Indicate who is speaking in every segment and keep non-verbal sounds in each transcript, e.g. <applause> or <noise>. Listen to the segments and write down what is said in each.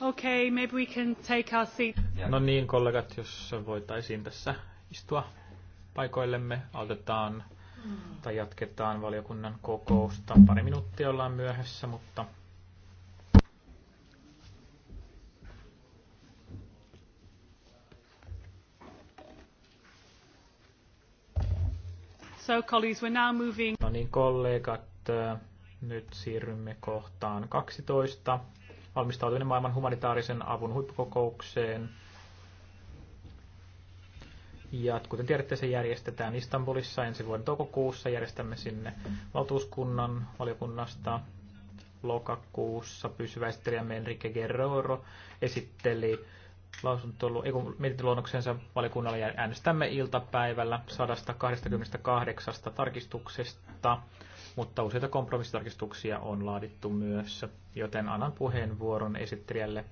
Speaker 1: Okay, maybe we can take our seat. No niin, kollegat, jos voitaisiin tässä istua paikoillemme, aloitetaan tai jatketaan valiokunnan kokousta. Pari minuuttia ollaan myöhässä, mutta So colleagues, we're now moving... No niin, kollegat, nyt siirrymme kohtaan 12 valmistautuminen maailman humanitaarisen avun huippukokoukseen. Ja kuten tiedätte, se järjestetään Istanbulissa ensi vuoden toukokuussa. Järjestämme sinne valtuuskunnan valiokunnasta lokakuussa pysyvä esittelijämme Enrique Guerrero esitteli mietintöluonnoksensa valiokunnalle ja äänestämme iltapäivällä 128 tarkistuksesta mutta useita kompromissitarkistuksia on laadittu myös, joten annan puheenvuoron esittelijälle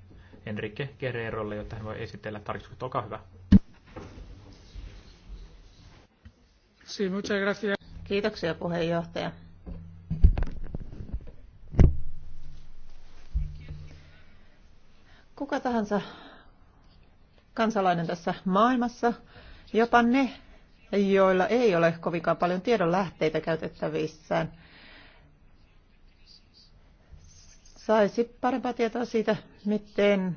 Speaker 1: Enrique Guerrerolle, jotta hän voi esitellä tarkistukset. Olkaa hyvä.
Speaker 2: Sí, muchas gracias. Kiitoksia puheenjohtaja. Kuka tahansa kansalainen tässä maailmassa, jopa ne, joilla ei ole kovinkaan paljon tiedonlähteitä käytettävissään, saisi parempaa tietoa siitä, miten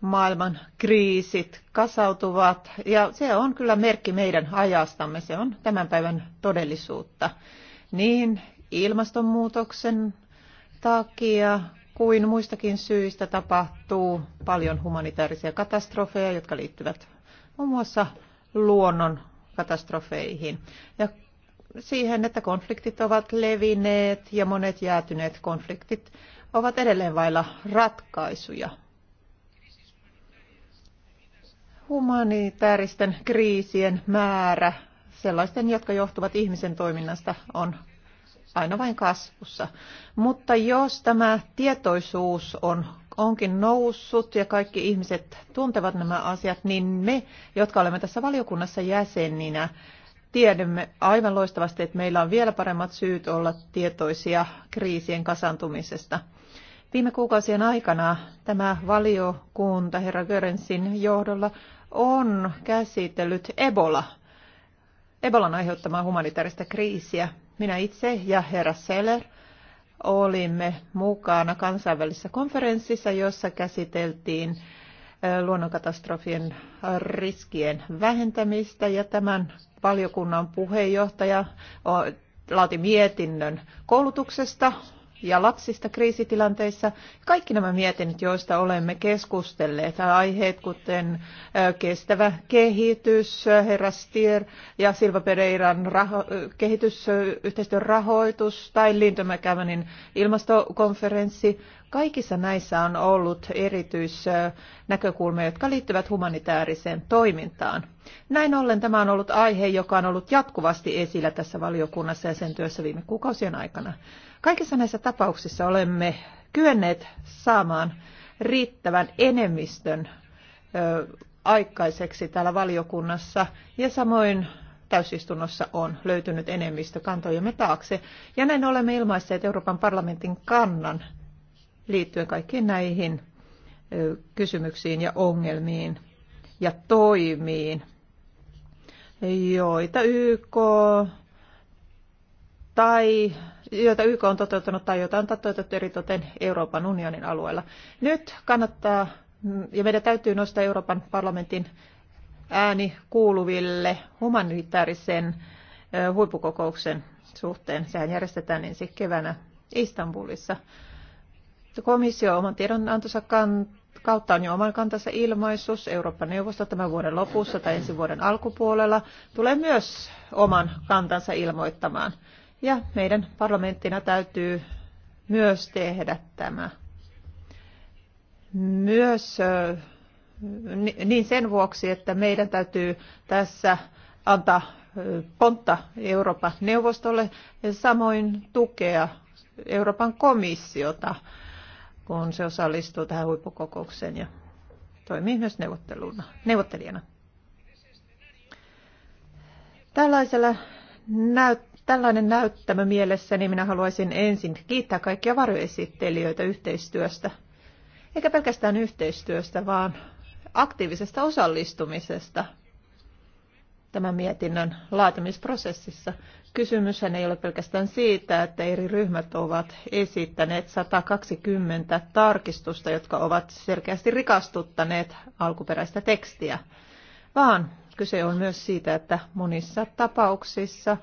Speaker 2: maailman kriisit kasautuvat. Ja se on kyllä merkki meidän ajastamme, se on tämän päivän todellisuutta. Niin ilmastonmuutoksen takia kuin muistakin syistä tapahtuu paljon humanitaarisia katastrofeja, jotka liittyvät muun muassa luonnon katastrofeihin ja siihen, että konfliktit ovat levinneet ja monet jäätyneet konfliktit ovat edelleen vailla ratkaisuja. Humanitaaristen kriisien määrä, sellaisten, jotka johtuvat ihmisen toiminnasta, on aina vain kasvussa. Mutta jos tämä tietoisuus on onkin noussut ja kaikki ihmiset tuntevat nämä asiat, niin me, jotka olemme tässä valiokunnassa jäseninä, tiedämme aivan loistavasti, että meillä on vielä paremmat syyt olla tietoisia kriisien kasantumisesta. Viime kuukausien aikana tämä valiokunta herra Görensin johdolla on käsitellyt Ebola, Ebolan aiheuttamaa humanitaarista kriisiä. Minä itse ja herra Seller – olimme mukana kansainvälisessä konferenssissa, jossa käsiteltiin luonnonkatastrofien riskien vähentämistä ja tämän valiokunnan puheenjohtaja laati mietinnön koulutuksesta ja lapsista kriisitilanteissa. Kaikki nämä mietinnöt, joista olemme keskustelleet, aiheet kuten kestävä kehitys, herra Stier ja Silva Pereiran raho- kehitysyhteistyön rahoitus tai Lindemäkävänin ilmastokonferenssi, Kaikissa näissä on ollut erityisnäkökulmia, jotka liittyvät humanitaariseen toimintaan. Näin ollen tämä on ollut aihe, joka on ollut jatkuvasti esillä tässä valiokunnassa ja sen työssä viime kuukausien aikana. Kaikissa näissä tapauksissa olemme kyenneet saamaan riittävän enemmistön aikaiseksi täällä valiokunnassa ja samoin täysistunnossa on löytynyt enemmistö kantojemme taakse. Ja näin olemme ilmaisseet Euroopan parlamentin kannan liittyen kaikkiin näihin kysymyksiin ja ongelmiin ja toimiin, joita YK tai joita YK on toteuttanut tai joita on toteutettu eritoten Euroopan unionin alueella. Nyt kannattaa mm, ja meidän täytyy nostaa Euroopan parlamentin ääni kuuluville humanitaarisen huippukokouksen suhteen. Sehän järjestetään ensi keväänä Istanbulissa. Komissio oman tiedonantonsa kautta on jo oman kantansa ilmaisuus Euroopan neuvosto tämän vuoden lopussa tai ensi vuoden alkupuolella tulee myös oman kantansa ilmoittamaan ja meidän parlamenttina täytyy myös tehdä tämä. Myös niin sen vuoksi, että meidän täytyy tässä antaa pontta Euroopan neuvostolle ja samoin tukea Euroopan komissiota, kun se osallistuu tähän huippukokoukseen ja toimii myös neuvottelijana. Tällaisella näyttää tällainen näyttämä mielessä, niin minä haluaisin ensin kiittää kaikkia varjoesittelijöitä yhteistyöstä. Eikä pelkästään yhteistyöstä, vaan aktiivisesta osallistumisesta tämän mietinnön laatimisprosessissa. Kysymyshän ei ole pelkästään siitä, että eri ryhmät ovat esittäneet 120 tarkistusta, jotka ovat selkeästi rikastuttaneet alkuperäistä tekstiä, vaan kyse on myös siitä, että monissa tapauksissa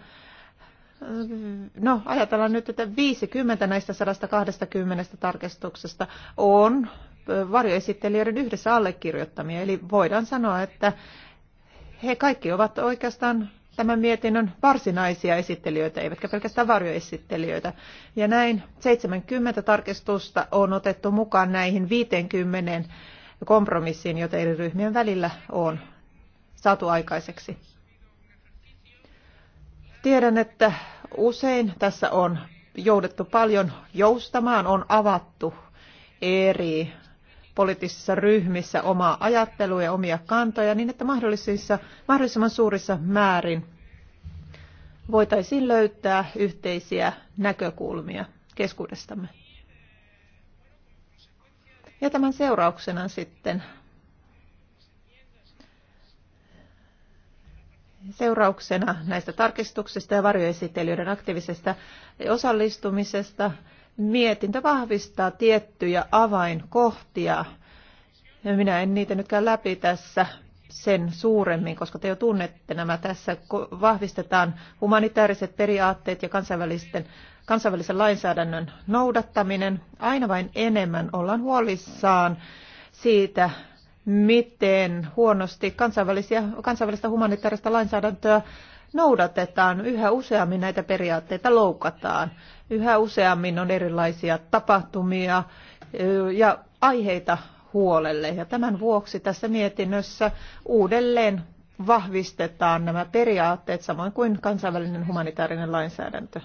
Speaker 2: No, ajatellaan nyt, että 50 näistä 120 tarkistuksesta on varjoesittelijöiden yhdessä allekirjoittamia. Eli voidaan sanoa, että he kaikki ovat oikeastaan tämän mietinnön varsinaisia esittelijöitä, eivätkä pelkästään varjoesittelijöitä. Ja näin 70 tarkistusta on otettu mukaan näihin 50 kompromissiin, joita eri ryhmien välillä on saatu aikaiseksi. Tiedän, että usein tässä on jouduttu paljon joustamaan, on avattu eri poliittisissa ryhmissä omaa ajattelua ja omia kantoja niin, että mahdollisissa, mahdollisimman suurissa määrin voitaisiin löytää yhteisiä näkökulmia keskuudestamme. Ja tämän seurauksena sitten seurauksena näistä tarkistuksista ja varjoesittelijöiden aktiivisesta osallistumisesta mietintö vahvistaa tiettyjä avainkohtia. Minä en niitä nytkään läpi tässä sen suuremmin, koska te jo tunnette nämä tässä. Vahvistetaan humanitaariset periaatteet ja kansainvälisten, kansainvälisen lainsäädännön noudattaminen. Aina vain enemmän ollaan huolissaan siitä, miten huonosti kansainvälistä humanitaarista lainsäädäntöä noudatetaan. Yhä useammin näitä periaatteita loukataan. Yhä useammin on erilaisia tapahtumia ja aiheita huolelle. Ja tämän vuoksi tässä mietinnössä uudelleen vahvistetaan nämä periaatteet, samoin kuin kansainvälinen humanitaarinen lainsäädäntö.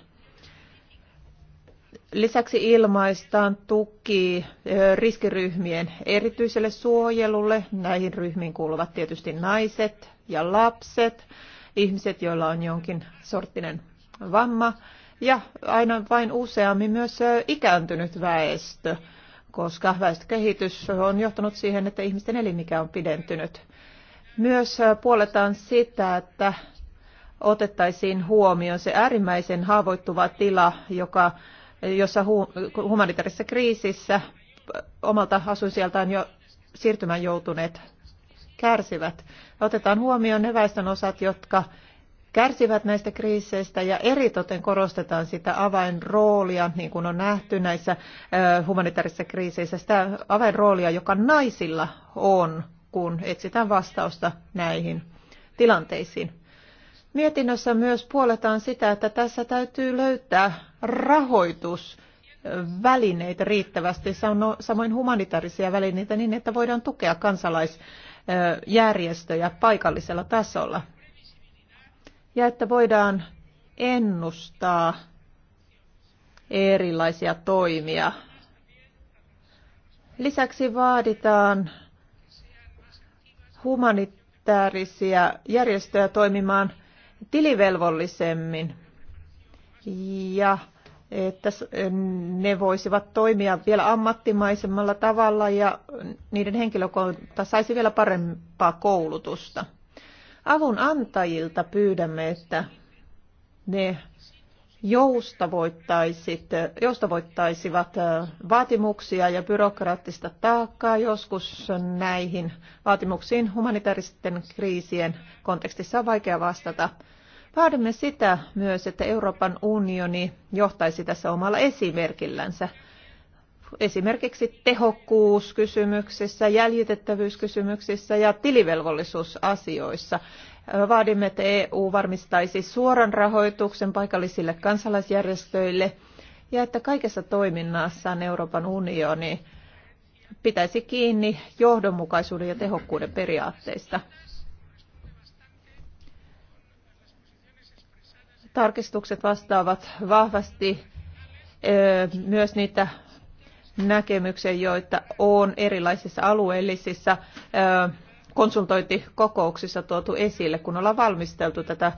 Speaker 2: Lisäksi ilmaistaan tuki riskiryhmien erityiselle suojelulle. Näihin ryhmiin kuuluvat tietysti naiset ja lapset, ihmiset, joilla on jonkin sorttinen vamma ja aina vain useammin myös ikääntynyt väestö, koska väestökehitys on johtanut siihen, että ihmisten elinikä on pidentynyt. Myös puoletaan sitä, että otettaisiin huomioon se äärimmäisen haavoittuva tila, joka jossa humanitaarisessa kriisissä omalta asuinsieltään jo siirtymään joutuneet kärsivät. Otetaan huomioon ne osat, jotka kärsivät näistä kriiseistä ja eritoten korostetaan sitä avainroolia, niin kuin on nähty näissä humanitaarisissa kriiseissä, sitä avainroolia, joka naisilla on, kun etsitään vastausta näihin tilanteisiin. Mietinnössä myös puoletaan sitä, että tässä täytyy löytää rahoitus välineitä riittävästi, samoin humanitaarisia välineitä niin, että voidaan tukea kansalaisjärjestöjä paikallisella tasolla. Ja että voidaan ennustaa erilaisia toimia. Lisäksi vaaditaan humanitaarisia järjestöjä toimimaan tilivelvollisemmin ja että ne voisivat toimia vielä ammattimaisemmalla tavalla ja niiden henkilökunta saisi vielä parempaa koulutusta. Avun antajilta pyydämme, että ne joustavoittaisivat vaatimuksia ja byrokraattista taakkaa. Joskus näihin vaatimuksiin humanitaaristen kriisien kontekstissa on vaikea vastata Vaadimme sitä myös, että Euroopan unioni johtaisi tässä omalla esimerkillänsä. Esimerkiksi tehokkuuskysymyksissä, jäljitettävyyskysymyksissä ja tilivelvollisuusasioissa. Vaadimme, että EU varmistaisi suoran rahoituksen paikallisille kansalaisjärjestöille ja että kaikessa toiminnassaan Euroopan unioni pitäisi kiinni johdonmukaisuuden ja tehokkuuden periaatteista. tarkistukset vastaavat vahvasti myös niitä näkemyksiä, joita on erilaisissa alueellisissa konsultointikokouksissa tuotu esille, kun ollaan valmisteltu tätä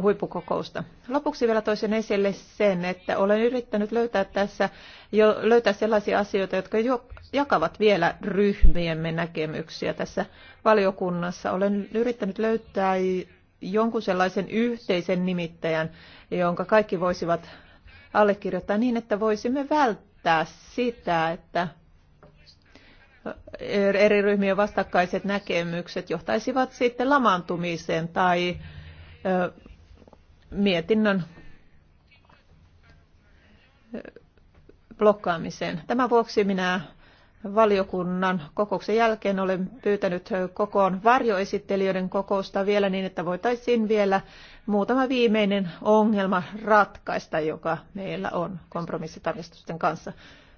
Speaker 2: huippukokousta. Lopuksi vielä toisen esille sen, että olen yrittänyt löytää tässä jo, löytää sellaisia asioita, jotka jo, jakavat vielä ryhmiemme näkemyksiä tässä valiokunnassa. Olen yrittänyt löytää jonkun sellaisen yhteisen nimittäjän, jonka kaikki voisivat allekirjoittaa niin, että voisimme välttää sitä, että eri ryhmien vastakkaiset näkemykset johtaisivat sitten lamaantumiseen tai mietinnön blokkaamiseen. Tämän vuoksi minä valiokunnan kokouksen jälkeen olen pyytänyt kokoon varjoesittelijöiden kokousta vielä niin, että voitaisiin vielä muutama viimeinen ongelma ratkaista, joka meillä on kompromissitarkistusten kanssa.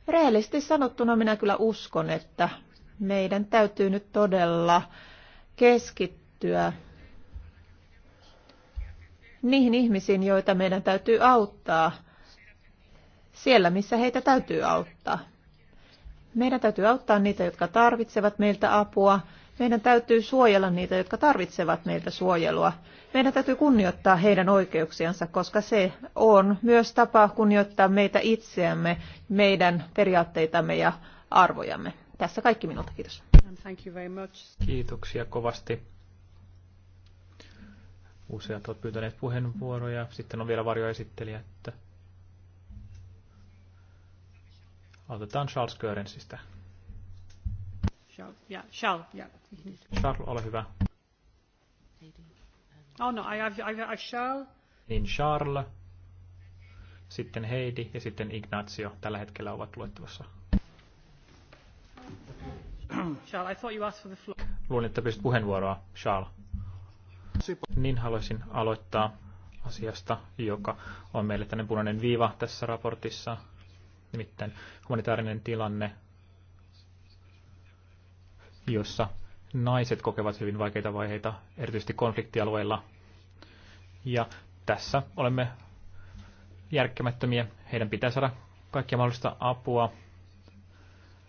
Speaker 2: Rehellisesti sanottuna minä kyllä uskon, että meidän täytyy nyt todella keskittyä niihin ihmisiin, joita meidän täytyy auttaa siellä, missä heitä täytyy auttaa meidän täytyy auttaa niitä, jotka tarvitsevat meiltä apua. Meidän täytyy suojella niitä, jotka tarvitsevat meiltä suojelua. Meidän täytyy kunnioittaa heidän oikeuksiansa, koska se on myös tapa kunnioittaa meitä itseämme, meidän periaatteitamme ja arvojamme. Tässä kaikki minulta, kiitos.
Speaker 1: Kiitoksia kovasti. Useat ovat pyytäneet puheenvuoroja. Sitten on vielä varjoesittelijä, että Otetaan Charles Görensistä. Charles,
Speaker 2: yeah, Charles, yeah.
Speaker 1: Charles, ole hyvä. Oh no, I have, I have Charles. Niin Charles, sitten Heidi ja sitten Ignacio tällä hetkellä ovat luettavassa. Charles, I thought you asked for the floor. Luulin, että pystyt puheenvuoroa, Charles. Niin haluaisin aloittaa asiasta, joka on meille tänne punainen viiva tässä raportissa nimittäin humanitaarinen tilanne, jossa naiset kokevat hyvin vaikeita vaiheita, erityisesti konfliktialueilla. Ja tässä olemme järkkämättömiä. Heidän pitää saada kaikkia mahdollista apua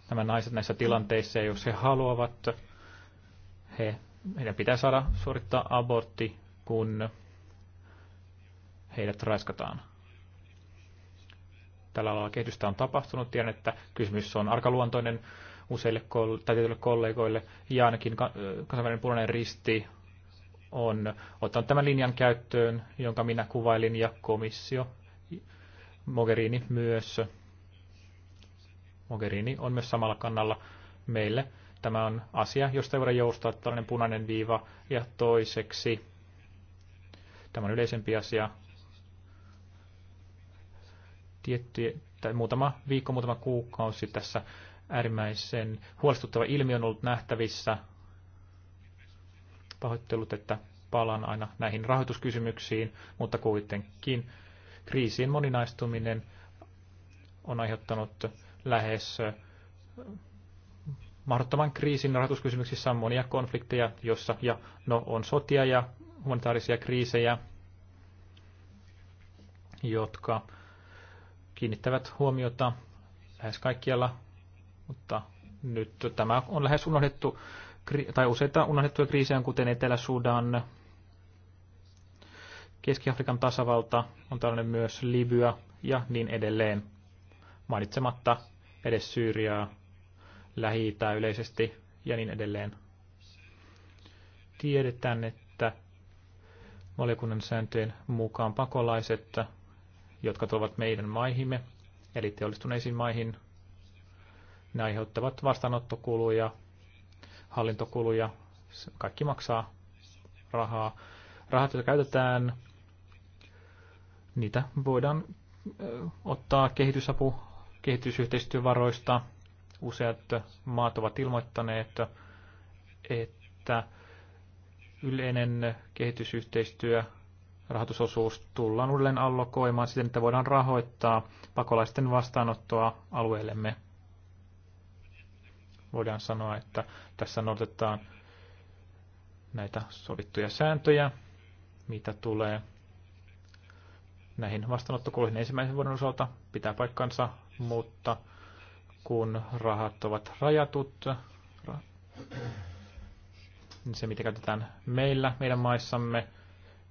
Speaker 1: nämä naiset näissä tilanteissa, ja jos he haluavat, he, heidän pitää saada suorittaa abortti, kun heidät raiskataan tällä alalla kehitystä on tapahtunut. Tiedän, että kysymys on arkaluontoinen useille koll- tai tietyille kollegoille, ja ainakin kansainvälinen punainen risti on ottanut tämän linjan käyttöön, jonka minä kuvailin, ja komissio Mogherini myös. Mogherini on myös samalla kannalla meille. Tämä on asia, josta ei voida joustaa tällainen punainen viiva. Ja toiseksi, tämä on yleisempi asia, tietty, tai muutama viikko, muutama kuukausi tässä äärimmäisen huolestuttava ilmiö on ollut nähtävissä. Pahoittelut, että palaan aina näihin rahoituskysymyksiin, mutta kuitenkin kriisin moninaistuminen on aiheuttanut lähes eh, mahdottoman kriisin rahoituskysymyksissä on monia konflikteja, jossa ja, no, on sotia ja humanitaarisia kriisejä, jotka kiinnittävät huomiota lähes kaikkialla, mutta nyt tämä on lähes unohdettu, tai useita unohdettuja kriisejä, kuten Etelä-Sudan, Keski-Afrikan tasavalta, on tällainen myös Libya ja niin edelleen, mainitsematta edes Syyriaa, lähi yleisesti ja niin edelleen. Tiedetään, että valiokunnan sääntöjen mukaan pakolaiset jotka tulevat meidän maihimme, eli teollistuneisiin maihin. Ne aiheuttavat vastaanottokuluja, hallintokuluja, kaikki maksaa rahaa. Rahat, joita käytetään, niitä voidaan ottaa kehitysapu kehitysyhteistyövaroista. Useat maat ovat ilmoittaneet, että yleinen kehitysyhteistyö rahoitusosuus tullaan uudelleen allokoimaan siten, että voidaan rahoittaa pakolaisten vastaanottoa alueellemme. Voidaan sanoa, että tässä noudatetaan näitä sovittuja sääntöjä, mitä tulee näihin vastaanottokuluihin ensimmäisen vuoden osalta pitää paikkansa, mutta kun rahat ovat rajatut, niin se mitä käytetään meillä, meidän maissamme,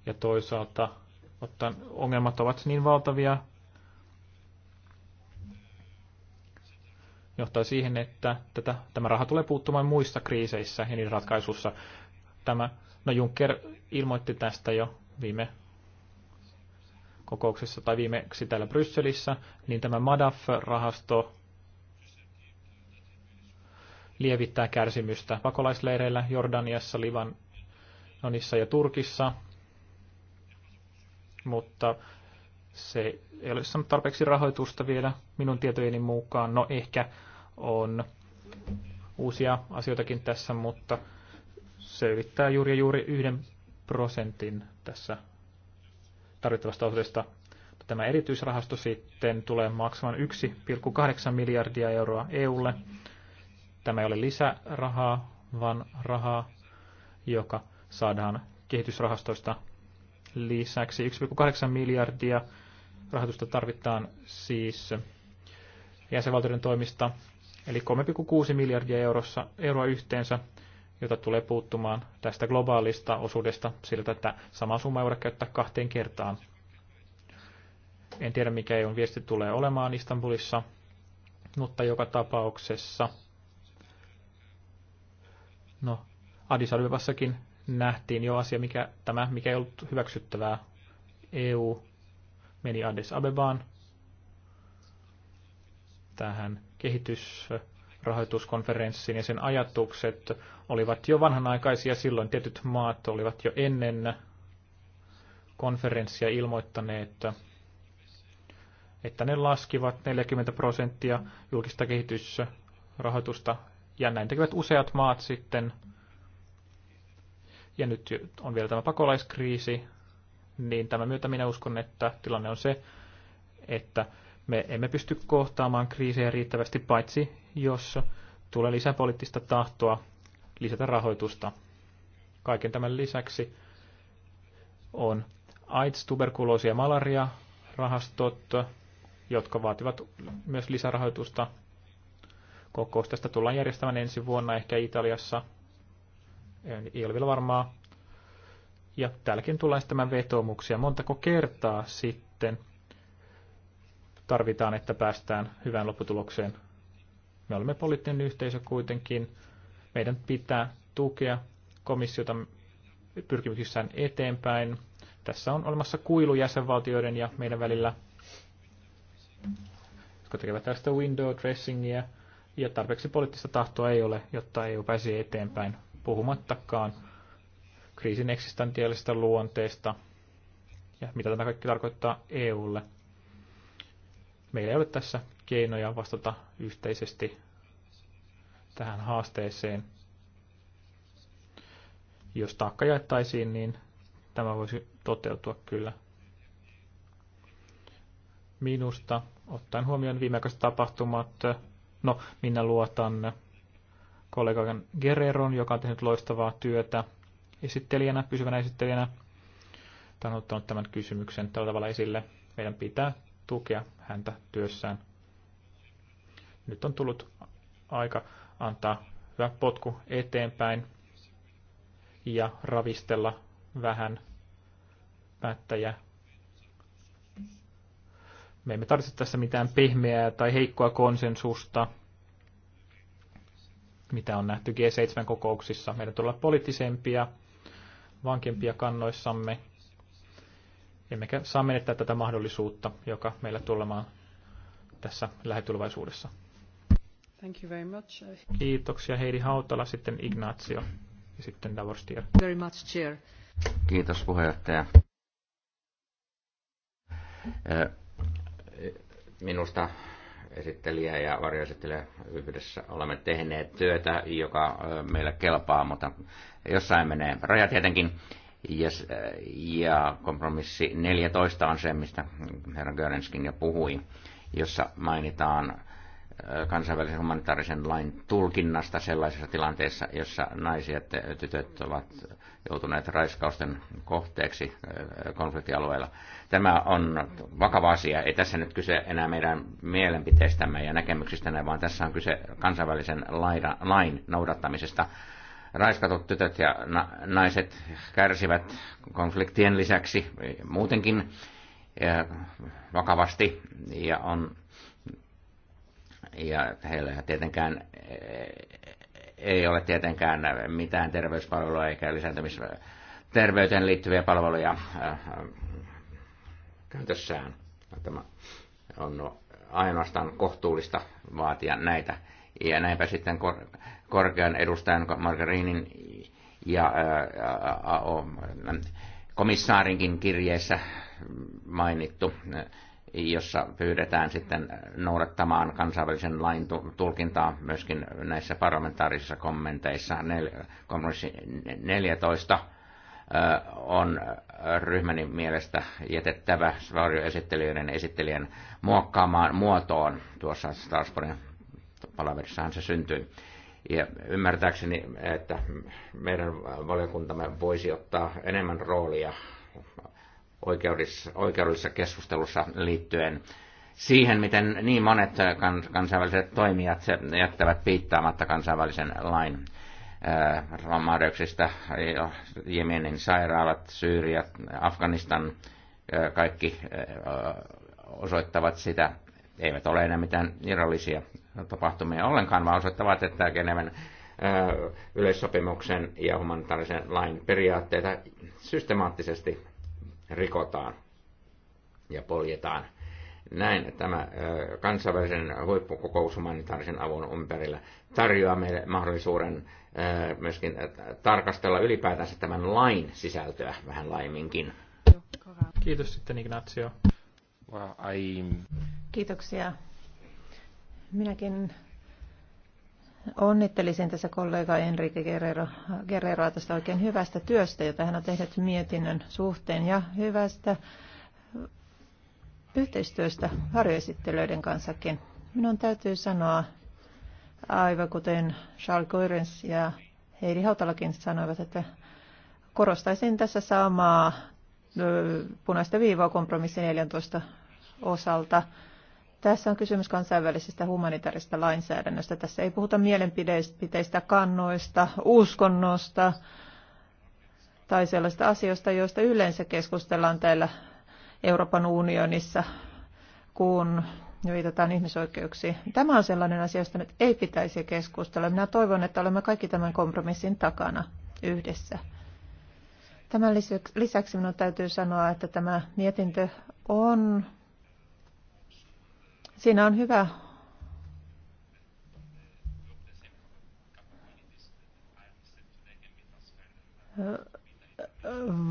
Speaker 1: ja toisaalta ottan, ongelmat ovat niin valtavia, johtaa siihen, että tätä, tämä raha tulee puuttumaan muissa kriiseissä ja niiden ratkaisussa. Tämä, no Juncker ilmoitti tästä jo viime kokouksessa tai viimeksi täällä Brysselissä, niin tämä MADAF-rahasto lievittää kärsimystä pakolaisleireillä Jordaniassa, Libanonissa ja Turkissa – mutta se ei ole saanut tarpeeksi rahoitusta vielä minun tietojeni mukaan. No ehkä on uusia asioitakin tässä, mutta se ylittää juuri ja juuri yhden prosentin tässä tarvittavasta osuudesta. Tämä erityisrahasto sitten tulee maksamaan 1,8 miljardia euroa EUlle. Tämä ei ole lisärahaa, vaan rahaa, joka saadaan kehitysrahastoista Lisäksi 1,8 miljardia rahoitusta tarvitaan siis jäsenvaltioiden toimista, eli 3,6 miljardia eurossa, euroa yhteensä, jota tulee puuttumaan tästä globaalista osuudesta siltä, että sama summa ei voida käyttää kahteen kertaan. En tiedä, mikä on e viesti tulee olemaan Istanbulissa, mutta joka tapauksessa, no Addis Abebassakin nähtiin jo asia, mikä, tämä, mikä ei ollut hyväksyttävää. EU meni Addis Abebaan tähän kehitysrahoituskonferenssiin ja sen ajatukset olivat jo vanhanaikaisia silloin. Tietyt maat olivat jo ennen konferenssia ilmoittaneet, että, että ne laskivat 40 prosenttia julkista kehitysrahoitusta ja näin tekevät useat maat sitten – ja nyt on vielä tämä pakolaiskriisi, niin tämä myötä minä uskon, että tilanne on se, että me emme pysty kohtaamaan kriisejä riittävästi, paitsi jos tulee lisää poliittista tahtoa lisätä rahoitusta. Kaiken tämän lisäksi on AIDS, tuberkuloosi ja malaria rahastot, jotka vaativat myös lisärahoitusta. Kokous tästä tullaan järjestämään ensi vuonna ehkä Italiassa – ei ole vielä varmaa. Ja täälläkin tulee tämän vetomuksia. Montako kertaa sitten tarvitaan, että päästään hyvään lopputulokseen? Me olemme poliittinen yhteisö kuitenkin. Meidän pitää tukea komissiota pyrkimyksissään eteenpäin. Tässä on olemassa kuilu jäsenvaltioiden ja meidän välillä, jotka tekevät tästä window dressingia, ja tarpeeksi poliittista tahtoa ei ole, jotta EU pääsi eteenpäin puhumattakaan kriisin eksistentiaalisesta luonteesta ja mitä tämä kaikki tarkoittaa EUlle. Meillä ei ole tässä keinoja vastata yhteisesti tähän haasteeseen. Jos taakka jaettaisiin, niin tämä voisi toteutua kyllä. Minusta, ottaen huomioon viimeaikaiset tapahtumat, no minä luotan kollegan Guerreron, joka on tehnyt loistavaa työtä esittelijänä, pysyvänä esittelijänä. Tämä on ottanut tämän kysymyksen tällä tavalla esille. Meidän pitää tukea häntä työssään. Nyt on tullut aika antaa hyvä potku eteenpäin ja ravistella vähän päättäjä. Me emme tarvitse tässä mitään pehmeää tai heikkoa konsensusta mitä on nähty G7-kokouksissa. Meidän tulee olla poliittisempia, vankempia kannoissamme. Emmekä saa menettää tätä mahdollisuutta, joka meillä tulemaan tässä lähetulvaisuudessa. Thank you very much. Kiitoksia Heidi Hautala, sitten Ignacio ja sitten Davos Very much, chair. Kiitos puheenjohtaja.
Speaker 3: Minusta esittelijä ja varjoesittelijä yhdessä olemme tehneet työtä, joka meillä kelpaa, mutta jossain menee raja tietenkin. Yes, ja kompromissi 14 on se, mistä herra Görenskin jo puhui, jossa mainitaan kansainvälisen humanitaarisen lain tulkinnasta sellaisessa tilanteessa, jossa naiset ja tytöt ovat joutuneet raiskausten kohteeksi äh, konfliktialueella. Tämä on vakava asia. Ei tässä nyt kyse enää meidän mielenpiteistämme ja näkemyksistämme, vaan tässä on kyse kansainvälisen lain noudattamisesta. Raiskatut tytöt ja naiset kärsivät konfliktien lisäksi muutenkin äh, vakavasti ja on ja heillä tietenkään eh, ei ole tietenkään mitään terveyspalvelua eikä lisääntymis terveyteen liittyviä palveluja eh, käytössään. Tämä on ainoastaan kohtuullista vaatia näitä. Ja näinpä sitten kor- korkean edustajan Margarinin ja eh, komissaarinkin kirjeessä mainittu jossa pyydetään sitten noudattamaan kansainvälisen lain tulkintaa myöskin näissä parlamentaarisissa kommenteissa. Nel, kompromissi 14 on ryhmäni mielestä jätettävä varjoesittelijöiden esittelijän muokkaamaan muotoon. Tuossa Strasbourgin palaverissahan se syntyi. Ja ymmärtääkseni, että meidän valiokuntamme voisi ottaa enemmän roolia oikeudessa, oikeudellisessa keskustelussa liittyen siihen, miten niin monet kansainväliset toimijat jättävät piittaamatta kansainvälisen lain äh, romahdeuksista, Jemenin sairaalat, Syyriat, Afganistan, äh, kaikki äh, osoittavat sitä, eivät ole enää mitään irrallisia tapahtumia ollenkaan, vaan osoittavat, että Geneven yleissopimuksen ja humanitaarisen lain periaatteita systemaattisesti rikotaan ja poljetaan. Näin tämä kansainvälisen huippukokous humanitaarisen avun ympärillä tarjoaa meille mahdollisuuden myöskin tarkastella ylipäätänsä tämän lain sisältöä vähän laiminkin.
Speaker 1: Kiitos sitten Ignacio.
Speaker 2: Kiitoksia. Minäkin Onnittelisin tässä kollega Enrique Guerrero, Guerreroa tästä oikein hyvästä työstä, jota hän on tehnyt mietinnön suhteen ja hyvästä yhteistyöstä harjoesittelyiden kanssakin. Minun täytyy sanoa, aivan kuten Charles Goerens ja Heidi Hautalakin sanoivat, että korostaisin tässä samaa punaista viivaa kompromissi 14 osalta. Tässä on kysymys kansainvälisestä humanitaarista lainsäädännöstä. Tässä ei puhuta mielenpiteistä, kannoista, uskonnosta tai sellaista asioista, joista yleensä keskustellaan täällä Euroopan unionissa, kun viitataan ihmisoikeuksiin. Tämä on sellainen asia, josta nyt ei pitäisi keskustella. Minä toivon, että olemme kaikki tämän kompromissin takana yhdessä. Tämän lisäksi minun täytyy sanoa, että tämä mietintö on Siinä on hyvä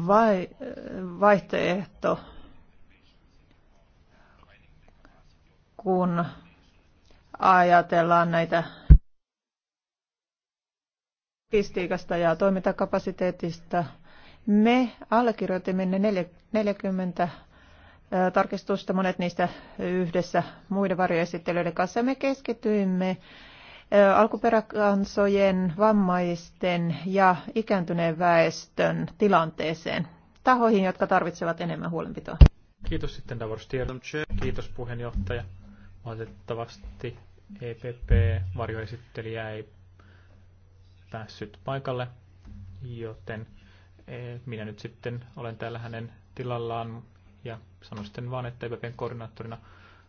Speaker 2: vai, vaihtoehto, kun ajatellaan näitä logistiikasta ja toimintakapasiteetista. Me allekirjoitimme ne 40 tarkistusta, monet niistä yhdessä muiden varjoesittelyiden kanssa. Me keskityimme alkuperäkansojen, vammaisten ja ikääntyneen väestön tilanteeseen tahoihin, jotka tarvitsevat enemmän huolenpitoa.
Speaker 1: Kiitos sitten Davos Kiitos puheenjohtaja. Valitettavasti EPP-varjoesittelijä ei päässyt paikalle, joten eh, minä nyt sitten olen täällä hänen tilallaan ja sanon sitten vaan, että EPPn koordinaattorina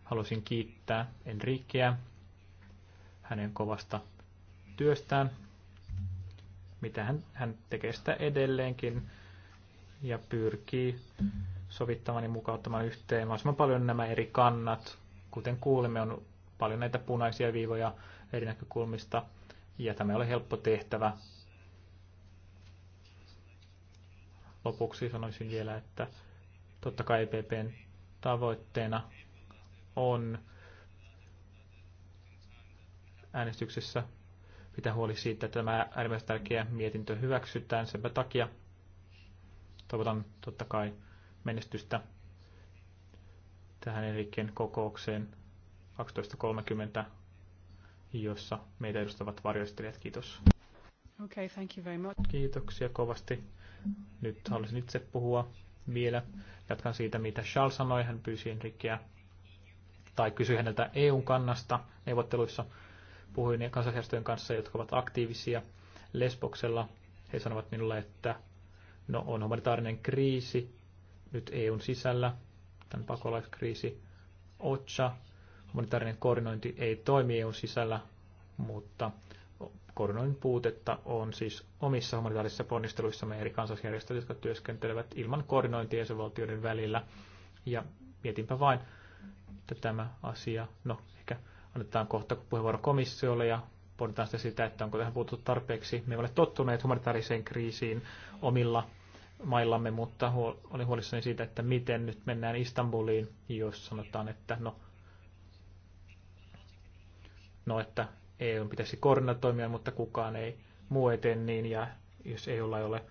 Speaker 1: halusin kiittää Enriqueä hänen kovasta työstään, mitä hän, hän tekee sitä edelleenkin ja pyrkii sovittamaan ja mukauttamaan yhteen mahdollisimman paljon nämä eri kannat. Kuten kuulimme, on paljon näitä punaisia viivoja eri näkökulmista ja tämä oli helppo tehtävä. Lopuksi sanoisin vielä, että Totta kai EPPn tavoitteena on äänestyksessä pitää huoli siitä, että tämä äärimmäisen tärkeä mietintö hyväksytään. sen takia toivotan totta kai menestystä tähän Enriken kokoukseen 12.30, jossa meitä edustavat varjoistelijat. Kiitos. Okay, thank you very much. Kiitoksia kovasti. Nyt haluaisin itse puhua vielä jatkan siitä, mitä Charles sanoi. Hän pyysi Enrikkiä tai kysyi häneltä EUn kannasta neuvotteluissa. Puhuin kansanjärjestöjen kanssa, jotka ovat aktiivisia Lesboksella. He sanovat minulle, että no, on humanitaarinen kriisi nyt EUn sisällä, tämän pakolaiskriisi. OCHA, humanitaarinen koordinointi ei toimi EUn sisällä, mutta koordinoinnin puutetta on siis omissa humanitaarisissa ponnisteluissamme eri kansallisjärjestöt, jotka työskentelevät ilman koordinointia jäsenvaltioiden välillä. Ja mietinpä vain, että tämä asia, no ehkä annetaan kohta puheenvuoro komissiolle ja pohditaan sitä, sitä että onko tähän puututtu tarpeeksi. Me olemme tottuneet humanitaariseen kriisiin omilla maillamme, mutta huol- olin huolissani siitä, että miten nyt mennään Istanbuliin, jos sanotaan, että no, no että EU pitäisi koordinatoimia, mutta kukaan ei muu eteen niin, ja jos e ei olla ole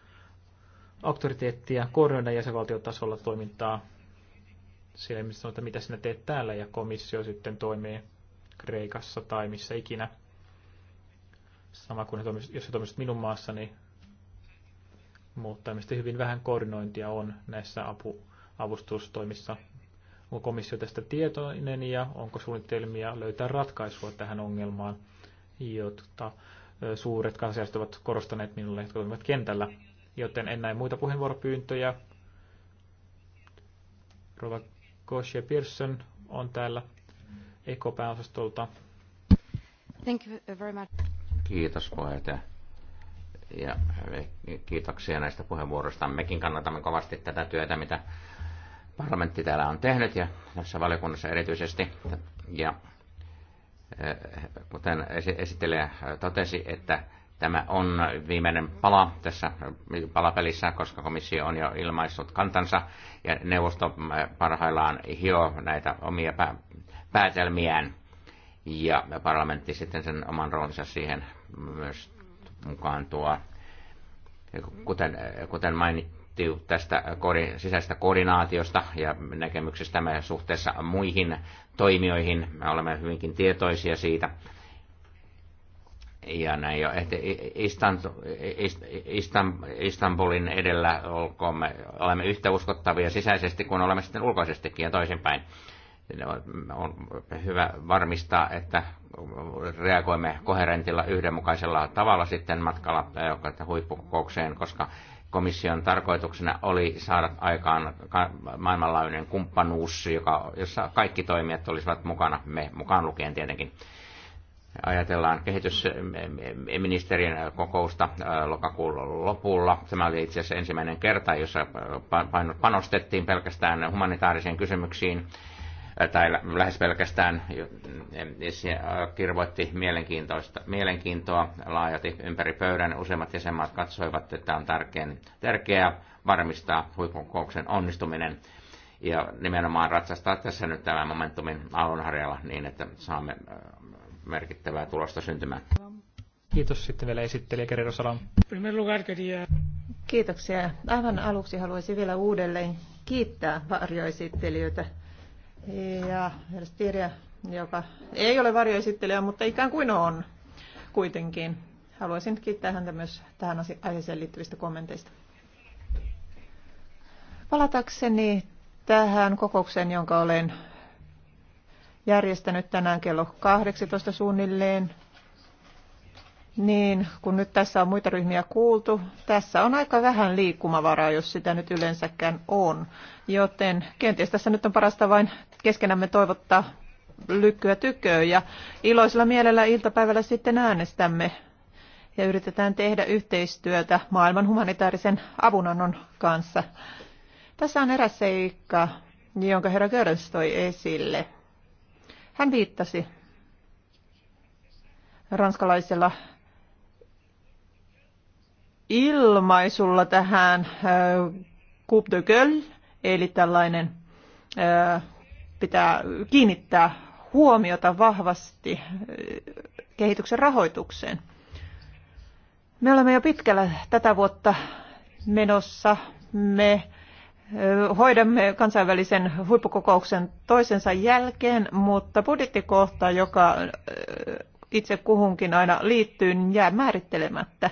Speaker 1: auktoriteettia koordinoida jäsenvaltiotasolla toimintaa, siellä ihmiset sanoo, että mitä sinä teet täällä, ja komissio sitten toimii Kreikassa tai missä ikinä. Sama kuin jos se toimisi minun maassani, niin mutta mistä hyvin vähän koordinointia on näissä apu, avustustoimissa. Onko komissio tästä tietoinen ja onko suunnitelmia löytää ratkaisua tähän ongelmaan? jotka suuret kansalaiset ovat korostaneet minulle, jotka toimivat kentällä. Joten en näe muita puheenvuoropyyntöjä. Rova Koshe Pearson on täällä ekopääosastolta.
Speaker 3: Thank you very much.
Speaker 1: Kiitos puheenjohtaja.
Speaker 3: Ja e, kiitoksia näistä puheenvuoroista. Mekin kannatamme kovasti tätä työtä, mitä parlamentti täällä on tehnyt ja tässä valiokunnassa erityisesti. Ja Eh, kuten esittelijä totesi, että tämä on viimeinen pala tässä eh, palapelissä, koska komissio on jo ilmaissut kantansa ja neuvosto eh, parhaillaan hio näitä omia päätelmiään ja parlamentti sitten sen oman roolinsa siihen myös mukaan tuo. Kuten, kuten mainittu, tästä sisäisestä koordinaatiosta ja näkemyksestämme suhteessa muihin toimijoihin. Me olemme hyvinkin tietoisia siitä. Ja näin jo, että Istanbulin edellä olkoomme, olemme yhtä uskottavia sisäisesti kuin olemme sitten ulkoisestikin ja toisinpäin. On hyvä varmistaa, että reagoimme koherentilla yhdenmukaisella tavalla sitten matkalla äh, huippukokoukseen, koska komission tarkoituksena oli saada aikaan maailmanlaajuinen kumppanuus, joka, jossa kaikki toimijat olisivat mukana, me mukaan lukien tietenkin. Ajatellaan kehitysministerien e- kokousta lokakuun lopulla. Tämä oli itse asiassa ensimmäinen kerta, jossa panostettiin pelkästään humanitaarisiin kysymyksiin tai lähes pelkästään kirvoitti mielenkiintoista, mielenkiintoa laajalti ympäri pöydän. Useimmat jäsenmaat katsoivat, että on tärkein, tärkeää varmistaa huippukokouksen onnistuminen ja nimenomaan ratsastaa tässä nyt tämä momentumin alunharjalla niin, että saamme
Speaker 1: merkittävää tulosta syntymään. Kiitos sitten vielä esittelijä Kerero Salam.
Speaker 2: Kiitoksia. Aivan aluksi haluaisin vielä uudelleen kiittää varjoesittelijöitä ja Elstiria, joka ei ole varjoesittelijä, mutta ikään kuin on kuitenkin. Haluaisin kiittää häntä myös tähän aiheeseen liittyvistä kommenteista. Palatakseni tähän kokoukseen, jonka olen järjestänyt tänään kello 18 suunnilleen. Niin, kun nyt tässä on muita ryhmiä kuultu, tässä on aika vähän liikkumavaraa, jos sitä nyt yleensäkään on. Joten kenties tässä nyt on parasta vain keskenämme toivottaa lykkyä tyköön ja iloisella mielellä iltapäivällä sitten äänestämme ja yritetään tehdä yhteistyötä maailman humanitaarisen avunannon kanssa. Tässä on eräs seikka, jonka herra Görens toi esille. Hän viittasi ranskalaisella ilmaisulla tähän äh, Coupe de Gueule, eli tällainen äh, pitää kiinnittää huomiota vahvasti eh, kehityksen rahoitukseen. Me olemme jo pitkällä tätä vuotta menossa. Me eh, hoidamme kansainvälisen huippukokouksen toisensa jälkeen, mutta budjettikohta, joka eh, itse kuhunkin aina liittyy, niin jää määrittelemättä.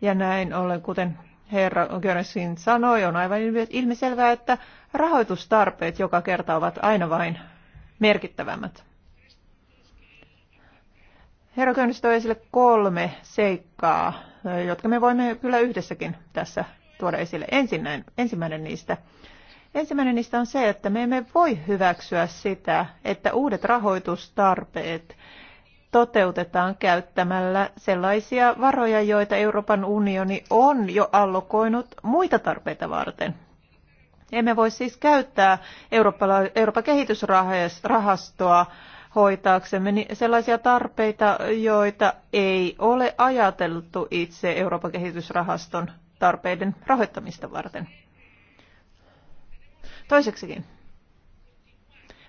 Speaker 2: Ja näin ollen, kuten herra Görensin sanoi, on aivan ilmiselvää, että rahoitustarpeet joka kerta ovat aina vain merkittävämmät. Herra Göns toi esille kolme seikkaa, jotka me voimme kyllä yhdessäkin tässä tuoda esille. ensimmäinen niistä. Ensimmäinen niistä on se, että me emme voi hyväksyä sitä, että uudet rahoitustarpeet – toteutetaan käyttämällä sellaisia varoja, joita Euroopan unioni on jo allokoinut muita tarpeita varten. Emme voi siis käyttää Euroopan kehitysrahastoa hoitaaksemme sellaisia tarpeita, joita ei ole ajateltu itse Euroopan kehitysrahaston tarpeiden rahoittamista varten. Toiseksikin,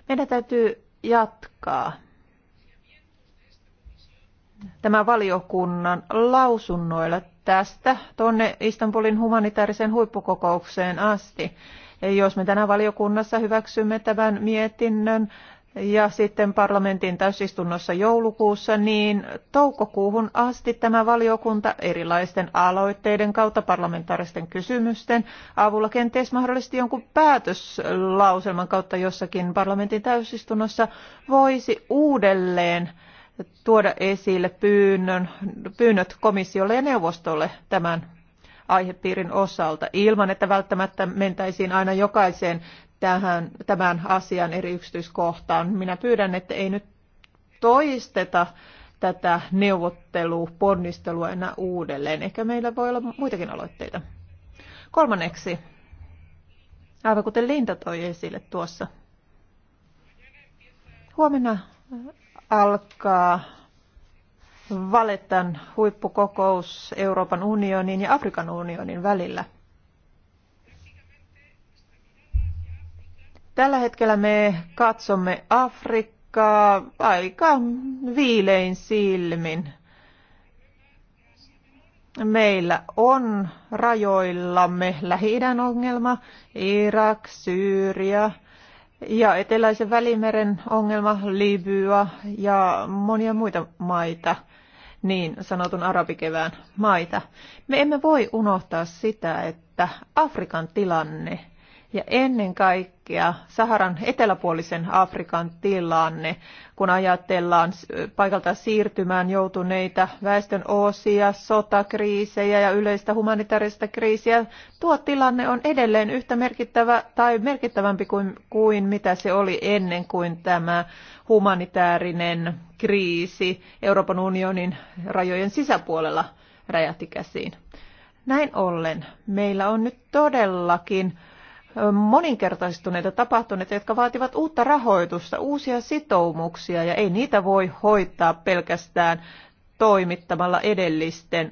Speaker 2: meidän täytyy jatkaa Tämä valiokunnan lausunnoilla tästä tuonne Istanbulin humanitaariseen huippukokoukseen asti. Jos me tänä valiokunnassa hyväksymme tämän mietinnön ja sitten parlamentin täysistunnossa joulukuussa, niin toukokuuhun asti tämä valiokunta erilaisten aloitteiden kautta parlamentaaristen kysymysten avulla kenties mahdollisesti jonkun päätöslauselman kautta jossakin parlamentin täysistunnossa voisi uudelleen tuoda esille pyynnön, pyynnöt komissiolle ja neuvostolle tämän aihepiirin osalta, ilman että välttämättä mentäisiin aina jokaiseen tähän, tämän asian eri yksityiskohtaan. Minä pyydän, että ei nyt toisteta tätä neuvotteluponnistelua enää uudelleen. Ehkä meillä voi olla muitakin aloitteita. Kolmanneksi, aivan kuten Linda toi esille tuossa, huomenna alkaa Valettan huippukokous Euroopan unionin ja Afrikan unionin välillä. Tällä hetkellä me katsomme Afrikkaa aika viilein silmin. Meillä on rajoillamme lähi ongelma, Irak, Syyria – ja eteläisen välimeren ongelma, Libya ja monia muita maita, niin sanotun arabikevään maita. Me emme voi unohtaa sitä, että Afrikan tilanne ja ennen kaikkea Saharan eteläpuolisen Afrikan tilanne, kun ajatellaan paikalta siirtymään joutuneita väestön osia, sotakriisejä ja yleistä humanitaarista kriisiä, tuo tilanne on edelleen yhtä merkittävä tai merkittävämpi kuin, kuin mitä se oli ennen kuin tämä humanitaarinen kriisi Euroopan unionin rajojen sisäpuolella räjähti käsiin. Näin ollen meillä on nyt todellakin moninkertaistuneita tapahtuneita, jotka vaativat uutta rahoitusta, uusia sitoumuksia ja ei niitä voi hoitaa pelkästään toimittamalla edellisten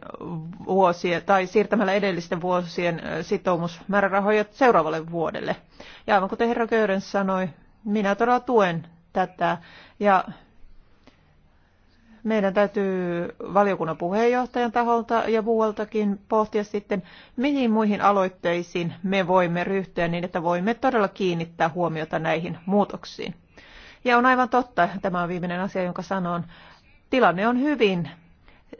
Speaker 2: vuosien tai siirtämällä edellisten vuosien sitoumusmäärärahoja seuraavalle vuodelle. Ja aivan kuten herra Köyden sanoi, minä todella tuen tätä ja meidän täytyy valiokunnan puheenjohtajan taholta ja muualtakin pohtia sitten, mihin muihin aloitteisiin me voimme ryhtyä niin, että voimme todella kiinnittää huomiota näihin muutoksiin. Ja on aivan totta, tämä on viimeinen asia, jonka sanon, tilanne on hyvin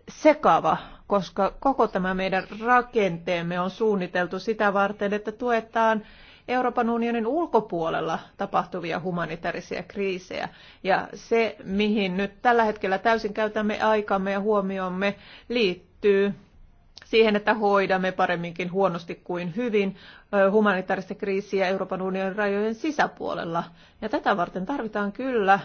Speaker 2: sekava, koska koko tämä meidän rakenteemme on suunniteltu sitä varten, että tuetaan Euroopan unionin ulkopuolella tapahtuvia humanitaarisia kriisejä. Ja se, mihin nyt tällä hetkellä täysin käytämme aikamme ja huomiomme, liittyy siihen, että hoidamme paremminkin huonosti kuin hyvin humanitaarista kriisiä Euroopan unionin rajojen sisäpuolella. Ja tätä varten tarvitaan kyllä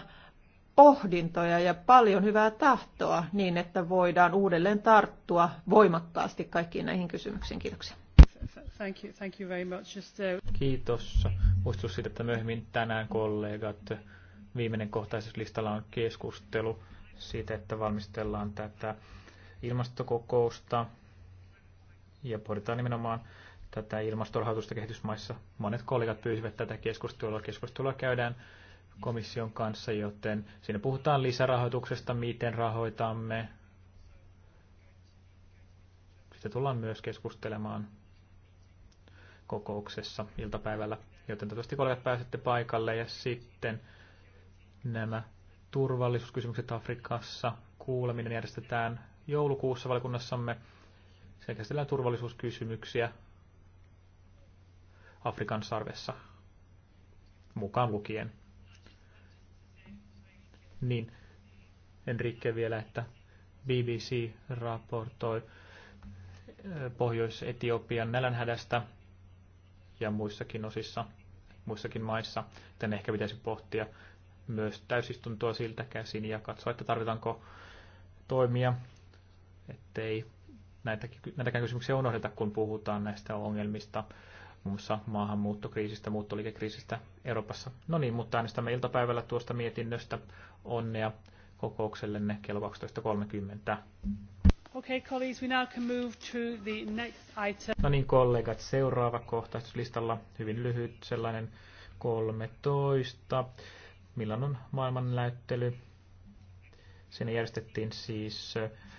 Speaker 2: pohdintoja ja paljon hyvää tahtoa niin, että voidaan uudelleen tarttua voimakkaasti kaikkiin näihin kysymyksiin. Kiitoksia.
Speaker 1: Thank you, thank you very much. Just, uh... Kiitos. Muistutus siitä, että myöhemmin tänään kollegat viimeinen listalla on keskustelu siitä, että valmistellaan tätä ilmastokokousta ja pohditaan nimenomaan tätä ilmastorahoitusta kehitysmaissa. Monet kollegat pyysivät tätä keskustelua. Keskustelua käydään komission kanssa, joten siinä puhutaan lisärahoituksesta, miten rahoitamme. Sitä tullaan myös keskustelemaan kokouksessa iltapäivällä, joten toivottavasti kollegat pääsette paikalle ja sitten nämä turvallisuuskysymykset Afrikassa. Kuuleminen järjestetään joulukuussa valikunnassamme. Sen käsitellään turvallisuuskysymyksiä Afrikan sarvessa mukaan lukien. Niin, rikke vielä, että BBC raportoi eh, Pohjois-Etiopian nälänhädästä ja muissakin osissa, muissakin maissa. joten ehkä pitäisi pohtia myös täysistuntoa siltä käsin ja katsoa, että tarvitaanko toimia, ettei näitäkin, näitäkään kysymyksiä unohdeta, kun puhutaan näistä ongelmista, muun muassa maahanmuuttokriisistä, muuttoliikekriisistä Euroopassa. No niin, mutta äänestämme iltapäivällä tuosta mietinnöstä. Onnea kokouksellenne kello 12.30. Okay, colleagues, we now can move to the next item. No niin, kollegat, seuraava kohtauslistalla hyvin lyhyt sellainen 13. on maailmannäyttely. Sinne järjestettiin siis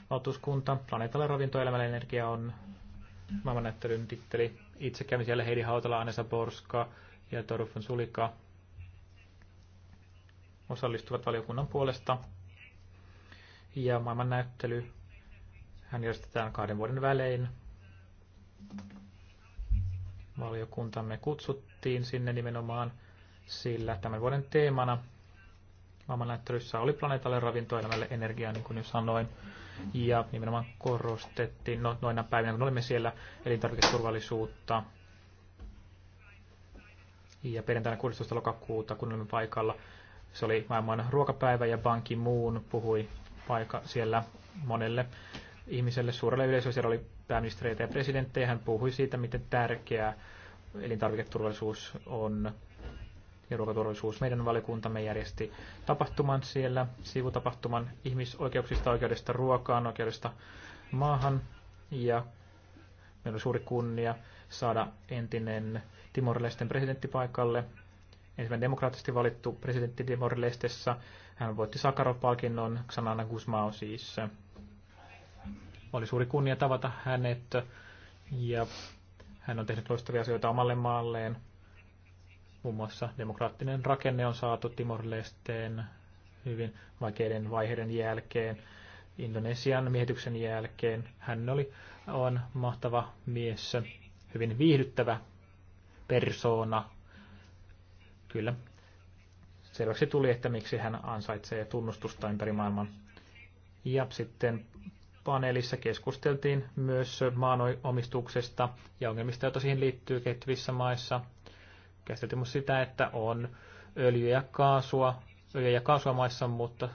Speaker 1: valtuuskunta. Planeetalle ravintoelämälle energia on maailmannäyttelyn titteli. Itse kävin siellä Heidi Hautala, Anessa Borska ja Torufon Sulika osallistuvat valiokunnan puolesta. Ja maailmannäyttely hän järjestetään kahden vuoden välein. Valiokuntamme kutsuttiin sinne nimenomaan, sillä tämän vuoden teemana Maailmanlähtöryssä oli planeetalle ravintoelämälle energiaa, niin kuin jo sanoin. Ja nimenomaan korostettiin no, noina päivinä, kun olimme siellä, elintarviketurvallisuutta. Ja perjantaina 16. lokakuuta, kun olimme paikalla, se oli maailman ruokapäivä ja banki moon puhui paikka siellä monelle ihmiselle, suurelle yleisölle. Siellä oli pääministeriä ja presidenttejä. Hän puhui siitä, miten tärkeää elintarviketurvallisuus on ja ruokaturvallisuus. Meidän valikuntamme järjesti tapahtuman siellä, sivutapahtuman ihmisoikeuksista, oikeudesta ruokaan, oikeudesta maahan. Ja meillä oli suuri kunnia saada entinen Timorilaisten presidentti paikalle. Ensimmäinen demokraattisesti valittu presidentti Timor-Lestessä. Hän voitti Sakarov-palkinnon, Xanana Gusmao siis. Oli suuri kunnia tavata hänet ja hän on tehnyt loistavia asioita omalle maalleen. Muun muassa demokraattinen rakenne on saatu Timor-Lesteen hyvin vaikeiden vaiheiden jälkeen. Indonesian miehityksen jälkeen. Hän oli on mahtava mies, hyvin viihdyttävä persoona. Kyllä. Selväksi tuli, että miksi hän ansaitsee tunnustusta ympäri maailman. Ja sitten paneelissa keskusteltiin myös maanomistuksesta ja ongelmista, joita siihen liittyy kehittyvissä maissa. Käsiteltiin myös sitä, että on öljyä ja kaasua, öljyä ja kaasua maissa, mutta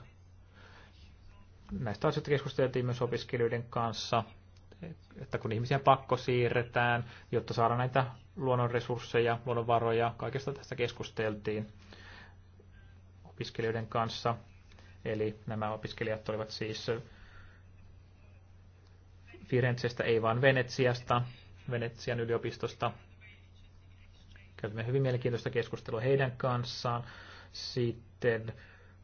Speaker 1: näistä asioista keskusteltiin myös opiskelijoiden kanssa, että kun ihmisiä pakko siirretään, jotta saadaan näitä luonnonresursseja, luonnonvaroja, kaikesta tästä keskusteltiin opiskelijoiden kanssa. Eli nämä opiskelijat olivat siis Firenzestä, ei vaan Venetsiasta, Venetsian yliopistosta. Käytimme hyvin mielenkiintoista keskustelua heidän kanssaan. Sitten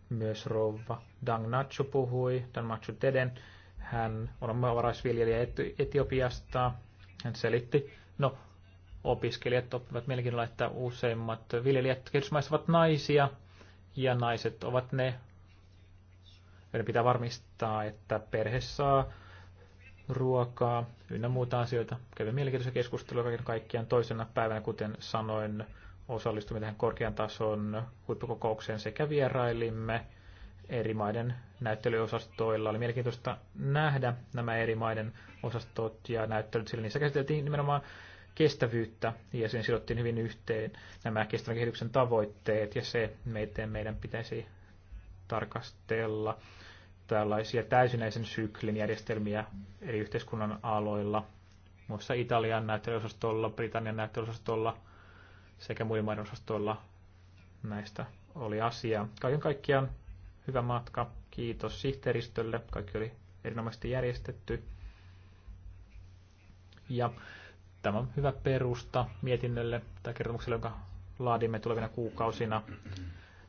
Speaker 1: myös rouva Dang Nacho puhui, Dan Machu Teden. Hän on omavaraisviljelijä Etiopiasta. Hän selitti, no opiskelijat oppivat mielenkiinnolla, että useimmat viljelijät kehitysmaissa ovat naisia, ja naiset ovat ne, joiden pitää varmistaa, että perhe saa ruokaa ynnä muuta asioita. Kävi mielenkiintoisia keskustelua kaiken kaikkiaan toisena päivänä, kuten sanoin, osallistumme tähän korkean tason huippukokoukseen sekä vierailimme eri maiden näyttelyosastoilla. Oli mielenkiintoista nähdä nämä eri maiden osastot ja näyttelyt, sillä niissä käsiteltiin nimenomaan kestävyyttä ja sen sidottiin hyvin yhteen nämä kestävän kehityksen tavoitteet ja se, miten meidän pitäisi tarkastella tällaisia täysinäisen syklin järjestelmiä eri yhteiskunnan aloilla, muissa Italian näyttelyosastolla, Britannian näyttelyosastolla sekä muiden maiden osastolla näistä oli asia. Kaiken kaikkiaan hyvä matka. Kiitos sihteeristölle. Kaikki oli erinomaisesti järjestetty. Ja tämä on hyvä perusta mietinnölle tai kertomukselle, jonka laadimme tulevina kuukausina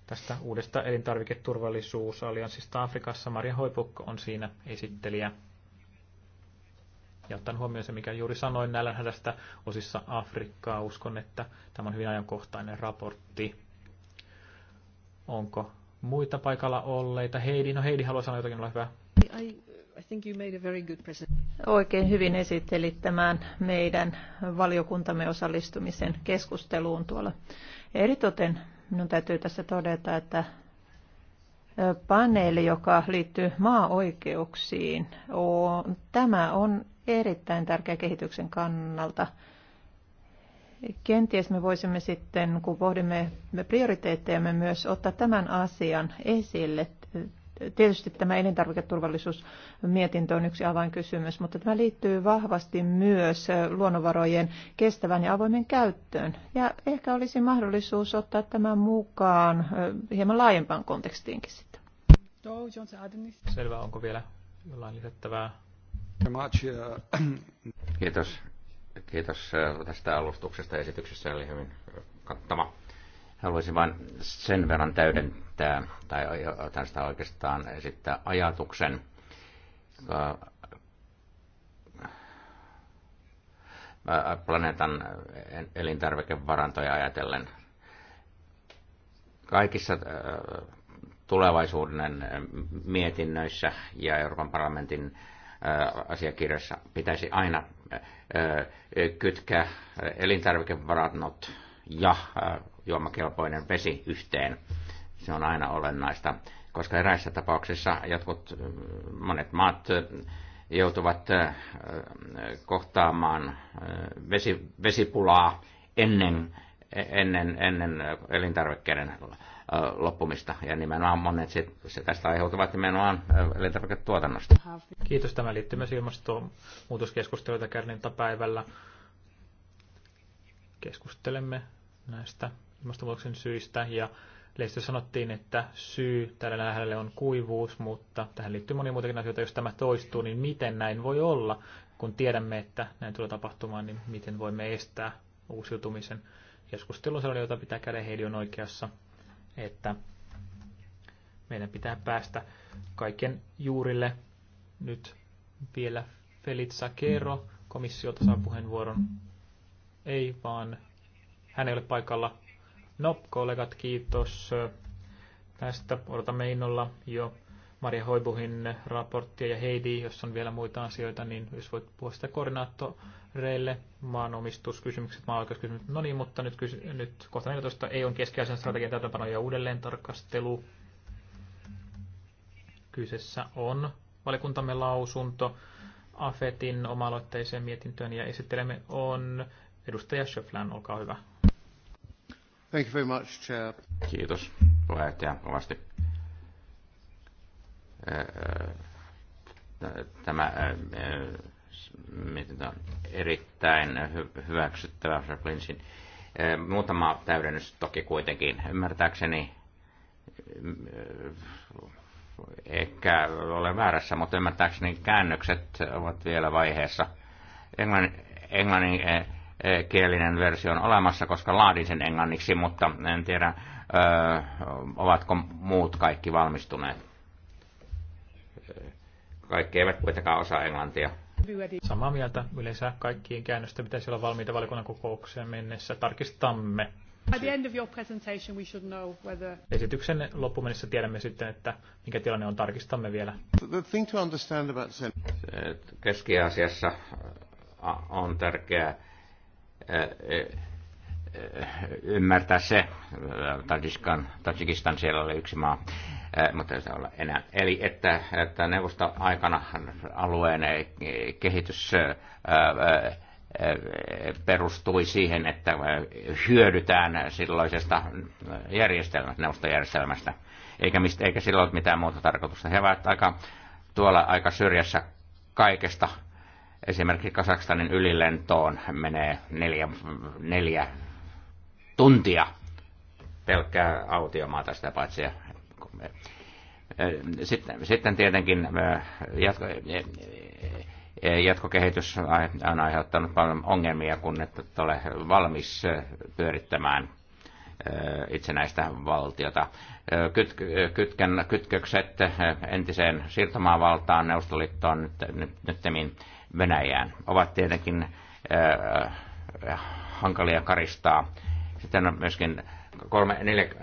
Speaker 1: tästä uudesta elintarviketurvallisuusallianssista Afrikassa. Maria Hoipukko on siinä esittelijä. Ja ottaen huomioon se, mikä juuri sanoin nälänhädästä osissa Afrikkaa, uskon, että tämä on hyvin ajankohtainen raportti. Onko muita paikalla olleita? Heidi, no Heidi haluaa sanoa jotakin, ole hyvä.
Speaker 4: I, I think you made a very good Oikein hyvin
Speaker 2: esittelit tämän meidän valiokuntamme osallistumisen keskusteluun tuolla. Eritoten Minun täytyy tässä todeta, että paneeli, joka liittyy maa on, tämä on erittäin tärkeä kehityksen kannalta. Kenties me voisimme sitten, kun pohdimme prioriteettejamme, myös ottaa tämän asian esille Tietysti tämä elintarviketurvallisuusmietintö on yksi avainkysymys, mutta tämä liittyy vahvasti myös luonnonvarojen kestävän ja avoimen käyttöön. Ja ehkä olisi mahdollisuus ottaa tämä mukaan hieman laajempaan kontekstiinkin sitten.
Speaker 1: Selvä, onko vielä jollain lisättävää? Kiitos.
Speaker 3: Kiitos tästä alustuksesta. Esityksessä oli hyvin kattava Haluaisin vain sen verran täydentää, tai tästä oikeastaan esittää ajatuksen. Äh, planeetan elintarvikevarantoja ajatellen. Kaikissa äh, tulevaisuuden äh, mietinnöissä ja Euroopan parlamentin asiakirjassa pitäisi aina kytkeä elintarvikevarannot ja juomakelpoinen vesi yhteen. Se on aina olennaista, koska eräissä tapauksissa jotkut monet maat joutuvat kohtaamaan vesi, vesipulaa ennen, ennen, ennen elintarvikkeiden loppumista ja nimenomaan monet sit, se tästä aiheutuvat nimenomaan elintarviketuotannosta.
Speaker 1: Kiitos. Tämä liittyy myös ilmastonmuutoskeskusteluita käynnin Keskustelemme näistä ilmastonmuutoksen syistä ja leistö sanottiin, että syy tällä lähellä on kuivuus, mutta tähän liittyy monia muitakin asioita. Jos tämä toistuu, niin miten näin voi olla? Kun tiedämme, että näin tulee tapahtumaan, niin miten voimme estää uusiutumisen? Keskustelu on sellainen, jota pitää käydä Heidi on oikeassa, että meidän pitää päästä kaiken juurille. Nyt vielä Felitsa Kero komissiolta saa puheenvuoron. Ei vaan, hän ei ole paikalla No, kollegat, kiitos tästä. Odotamme innolla jo Maria Hoibuhin raporttia ja Heidi, jos on vielä muita asioita, niin jos voit puhua sitä koordinaattoreille, maanomistuskysymykset, maanoikeuskysymykset, no niin, mutta nyt, kysy- nyt kohta 14 ei on keskiaisen strategian täytäntöpano ja uudelleen tarkastelu. Kyseessä on valikuntamme lausunto AFETin oma-aloitteiseen mietintöön ja esittelemme on edustaja Schöflän, olkaa hyvä.
Speaker 3: Thank you very much, Chair. Kiitos puheenjohtaja kovasti. Tämä on erittäin hyväksyttävä Franklinsin. Muutama täydennys toki kuitenkin. Ymmärtääkseni ehkä olen väärässä, mutta ymmärtääkseni käännökset ovat vielä vaiheessa. Englannin, englannin kielinen versio on olemassa, koska laadin sen englanniksi, mutta en tiedä, ovatko muut kaikki valmistuneet. Kaikki eivät kuitenkaan osaa englantia.
Speaker 1: Samaa mieltä. Yleensä kaikkiin käännöstä pitäisi olla valmiita valiokunnan kokoukseen mennessä. Tarkistamme. By the end of your presentation we should know whether... Esityksen loppumennessa tiedämme sitten, että mikä tilanne on. Tarkistamme vielä.
Speaker 2: The thing to understand about
Speaker 3: Keski-Aasiassa on tärkeää ymmärtää se, Tajikistan, Tajikistan siellä oli yksi maa, mutta ei se ole enää. Eli että, että neuvosto-aikana alueen kehitys perustui siihen, että hyödytään silloisesta järjestelmästä, neuvostojärjestelmästä, eikä, mistä, eikä silloin ole mitään muuta tarkoitusta. He ovat aika, tuolla aika syrjässä kaikesta Esimerkiksi Kasakstanin ylilentoon menee neljä, neljä tuntia pelkkää autiomaata sitä paitsi. Eh, sitten, sitten tietenkin eh, jatko, eh, jatkokehitys on aiheuttanut paljon ongelmia, kun et ole valmis pyörittämään itsenäistä valtiota. Kyt, kytkökset entiseen siirtomaavaltaan Neuvostoliittoon nyt, nyt, nyt Venäjään. Ovat tietenkin äh, hankalia karistaa. Sitten on myöskin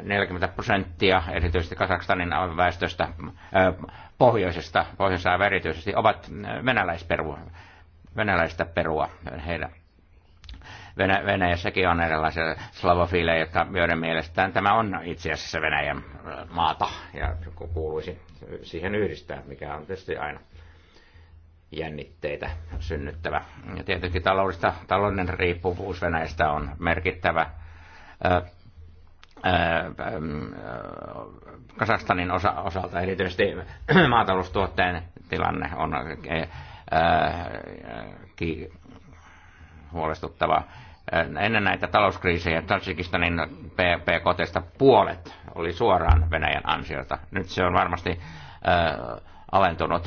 Speaker 3: 40 prosenttia, erityisesti Kazakstanin väestöstä äh, pohjoisesta, pohjoisessa erityisesti, ovat äh, venäläisperua, venäläistä perua. Heidän Venä, Venäjässäkin on erilaisia slavofiileja, jotka myöden mielestään tämä on itse asiassa Venäjän maata ja kuuluisi siihen yhdistää, mikä on tietysti aina jännitteitä synnyttävä. Ja tietenkin taloudesta, talouden riippuvuus Venäjästä on merkittävä. Kasastanin osa, osalta erityisesti <clears throat> maataloustuotteen tilanne on huolestuttava. Ennen näitä talouskriisejä Tajikistanin PKTsta puolet oli suoraan Venäjän ansiota. Nyt se on varmasti alentunut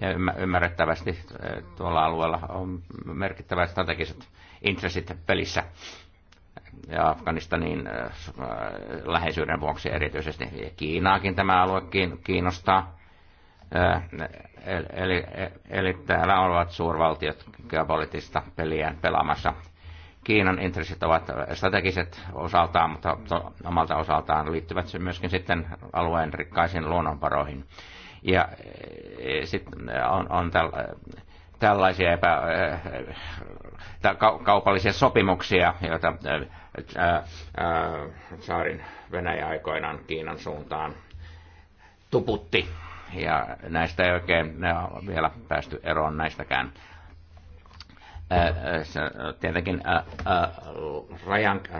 Speaker 3: ja ymmärrettävästi äh, tuolla alueella on merkittävät strategiset intressit pelissä ja Afganistanin äh, äh, läheisyyden vuoksi erityisesti. Kiinaakin tämä alue kiinnostaa. Eli, eli täällä ovat suurvaltiot geopoliittista peliä pelaamassa. Kiinan intressit ovat strategiset osaltaan, mutta omalta osaltaan liittyvät myöskin sitten alueen rikkaisiin luonnonvaroihin ja eh, sitten eh, on, on täl, eh, tällaisia epä, kaupallisia sopimuksia, joita saarin Venäjä aikoinaan Kiinan suuntaan tuputti. Ja näistä ei oikein ne on vielä päästy eroon näistäkään. Tietenkin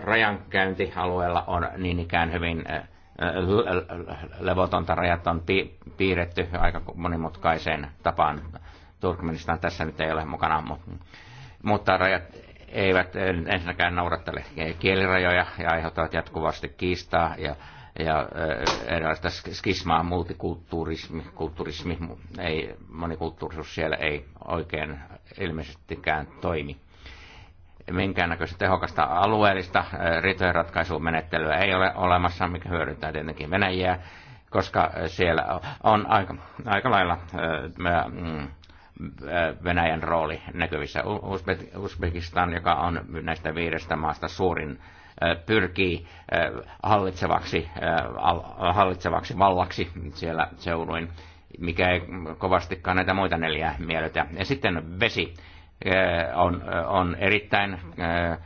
Speaker 3: rajankäyntialueella on niin ikään hyvin Äh, levotonta rajat on piirretty aika monimutkaiseen tapaan. Turkmenistan tässä nyt ei ole mukana, mutta rajat eivät ensinnäkään noudattele kielirajoja ja aiheuttavat jatkuvasti kiistaa ja, ja äh, erilaista skismaa, multikulttuurismi, kulttuurismi, ei, monikulttuurisuus siellä ei oikein ilmeisestikään toimi minkäännäköistä tehokasta alueellista äh, riitojenratkaisumenettelyä ei ole olemassa, mikä hyödyntää tietenkin Venäjää, koska siellä on aika, aika lailla äh, äh, mm, Venäjän rooli näkyvissä. Uzbekistan, joka on näistä viidestä maasta suurin, pyrkii hallitsevaksi, hallitsevaksi vallaksi siellä seuduin, mikä ei kovastikaan näitä muita neljää miellytä. Ja sitten vesi Äh, on, äh, on erittäin äh,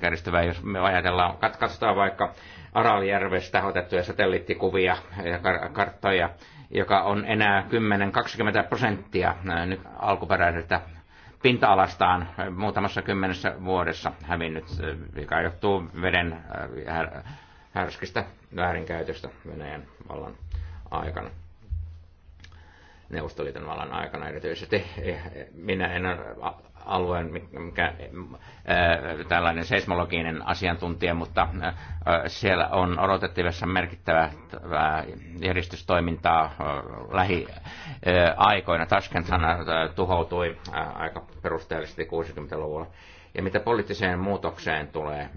Speaker 3: kärjestävää, jos me ajatellaan, katkaistaan vaikka Araljärvestä otettuja satelliittikuvia ja kar- karttoja, joka on enää 10-20 prosenttia nyt alkuperäisestä pinta-alastaan muutamassa kymmenessä vuodessa hävinnyt, joka johtuu veden härskistä väärinkäytöstä Venäjän vallan aikana. Neuvostoliiton vallan aikana erityisesti. Minä en ole alueen mikä, ää, tällainen seismologinen asiantuntija, mutta ää, siellä on odotettavissa merkittävää järjestystoimintaa lähiaikoina. Taskenthan ää, tuhoutui ää, aika perusteellisesti 60-luvulla. Ja mitä poliittiseen muutokseen tulee,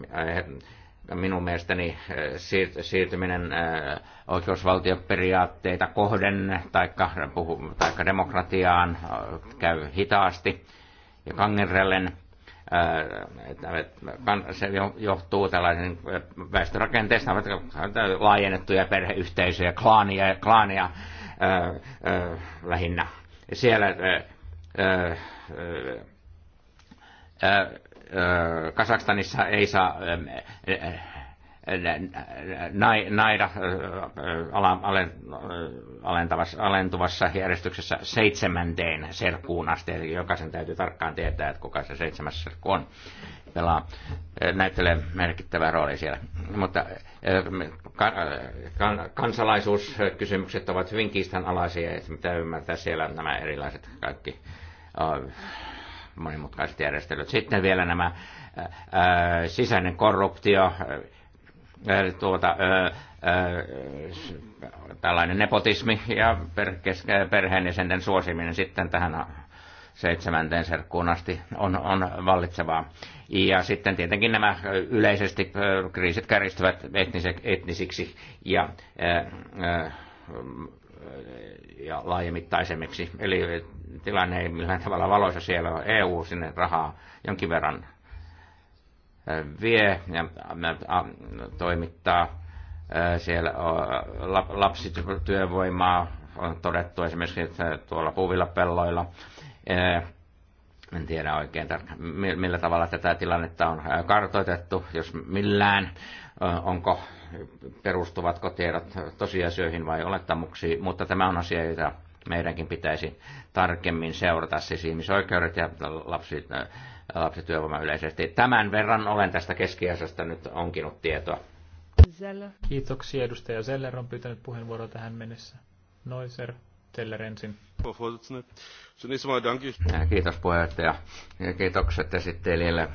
Speaker 3: minun mielestäni äh, siirtyminen äh, oikeusvaltioperiaatteita kohden tai demokratiaan äh, käy hitaasti ja kangerrellen. Se johtuu tällaisen väestörakenteesta, laajennettuja perheyhteisöjä, klaania, klaania lähinnä. Siellä Kasakstanissa ei saa naida alentuvassa järjestyksessä seitsemänteen serkkuun asti, eli jokaisen täytyy tarkkaan tietää, että kuka se seitsemäs serkku on. Pelaa, näyttelee merkittävää roolia siellä. Mutta kansalaisuuskysymykset ovat hyvin kiistanalaisia, että mitä ymmärtää siellä nämä erilaiset kaikki monimutkaiset järjestelyt. Sitten vielä nämä ää, äh, äh, sisäinen korruptio, ää, äh, tuota, ää, tällainen nepotismi ja per, perheenjäsenten suosiminen sitten tähän seitsemänteen serkkuun asti on, on vallitsevaa. Ja sitten tietenkin nämä yleisesti kriisit kärjistyvät etnisiksi ja ää, ää, ja laajemittaisemmiksi. Eli tilanne ei millään tavalla valoisa siellä on EU sinne rahaa jonkin verran vie ja toimittaa siellä lapsityövoimaa on todettu esimerkiksi tuolla puuvilla pelloilla. En tiedä oikein tarkkaan, millä tavalla tätä tilannetta on kartoitettu, jos millään. Onko perustuvatko tiedot tosiasioihin vai olettamuksiin, mutta tämä on asia, jota meidänkin pitäisi tarkemmin seurata, siis ihmisoikeudet ja lapsi, äh, lapsityövoima yleisesti. Tämän verran olen tästä keskiasasta nyt onkinut tietoa.
Speaker 1: Zeller. Kiitoksia. Edustaja Zeller on pyytänyt puheenvuoroa tähän mennessä. Noiser, Zeller ensin. Kiitos
Speaker 3: puheenjohtaja ja kiitokset esittelijälle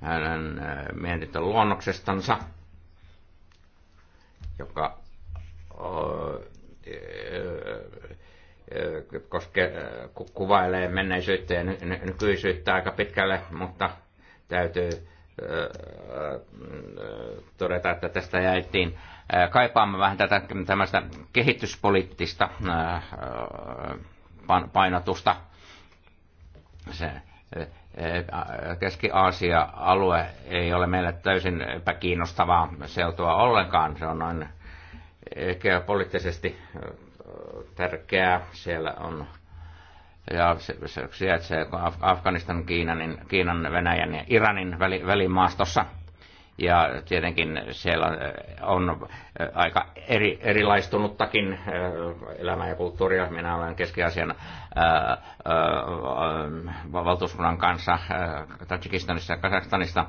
Speaker 3: hänen äh, mietintön luonnoksestansa joka koske, kuvailee menneisyyttä ja nykyisyyttä aika pitkälle, mutta täytyy todeta, että tästä jäitiin kaipaamaan vähän tätä tämmöistä kehityspoliittista painotusta. Se, Keski-Aasia-alue ei ole meille täysin epäkiinnostavaa seutua ollenkaan. Se on noin geopoliittisesti tärkeää. Siellä on ja se, se sijaitsee Afganistan, Kiinan, Kiinan, Venäjän ja Iranin väli, välimaastossa – ja tietenkin siellä äh, on äh, aika eri, erilaistunuttakin äh, elämä ja kulttuuria. Minä olen Keski-Aasian valtuuskunnan kanssa Tajikistanissa ja Kazakstanista